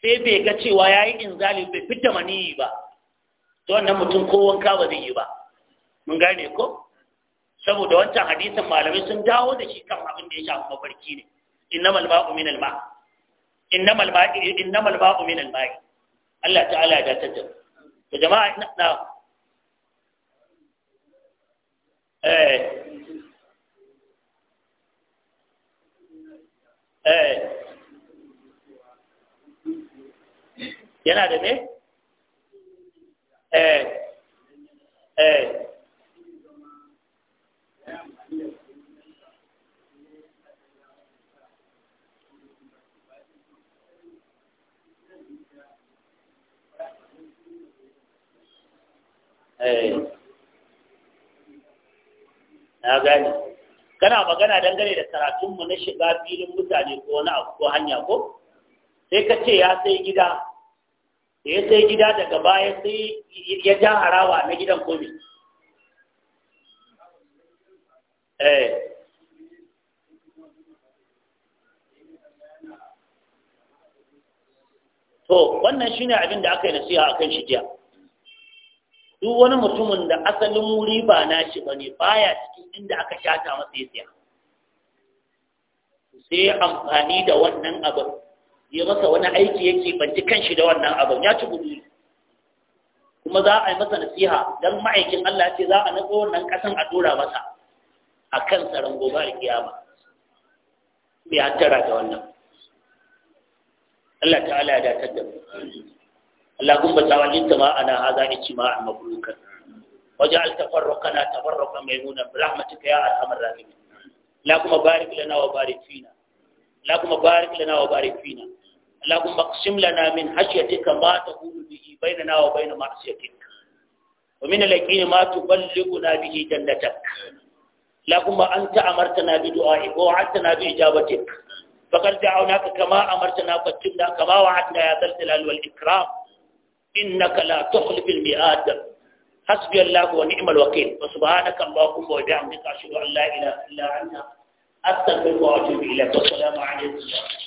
sai bai ga cewa ya yi inzali bai fita maniyi ba to wannan mutum ko wanka ba zai yi ba mun gane ko saboda wancan hadisin malamai sun dawo da shi kan abin da ya shafi mafarki ne innamal ba'u min al-ma innamal ba'i innamal ba'u min al-ma'i Allah ta'ala ya dace da jama'a da eh Eh. yana da ne magana dangane da karatunmu na shiga filin mutane ko wani abu ko hanya ko sai ka ce ya sai gida da ya sai gida daga baya sai ya ja harawa na gidan komi eh to wannan shine abin da aka yi nasiha akan shi jiya duk wani mutumin da asalin wuri ba na shi ba ne baya cikin inda aka shata masa ya sai amfani da wannan abin ya masa wani aiki yake banci kanshi da wannan abin ya ci gudu kuma za a yi masa nasiha don ma'aikin Allah ce za a natsa wannan ƙasan a dora masa a kan tsaron gobe a kiyama mai tara da wannan Allah ta'ala ya datar da mu Allah gumba bata wani tama ana haza ni cima a makulukan. waje al kana na tafarraka mai nuna rahmatuka ya arhamar rahimin la kuma barik lana wa barik fina اللهم بارك لنا وبارك فينا اللهم اقسم لنا من خشيتك ما تقول به بيننا وبين معصيتك ومن اليقين ما تبلغنا به جنتك اللهم انت امرتنا بدعائك ووعدتنا باجابتك فقد دعوناك كما امرتنا فاتبنا كما وعدنا يا ذا الجلال والاكرام انك لا تخلف الميعاد حسبي الله ونعم الوكيل وسبحانك اللهم وبحمدك اشهد ان لا اله الا انت من وأتوب إليك والسلام عليكم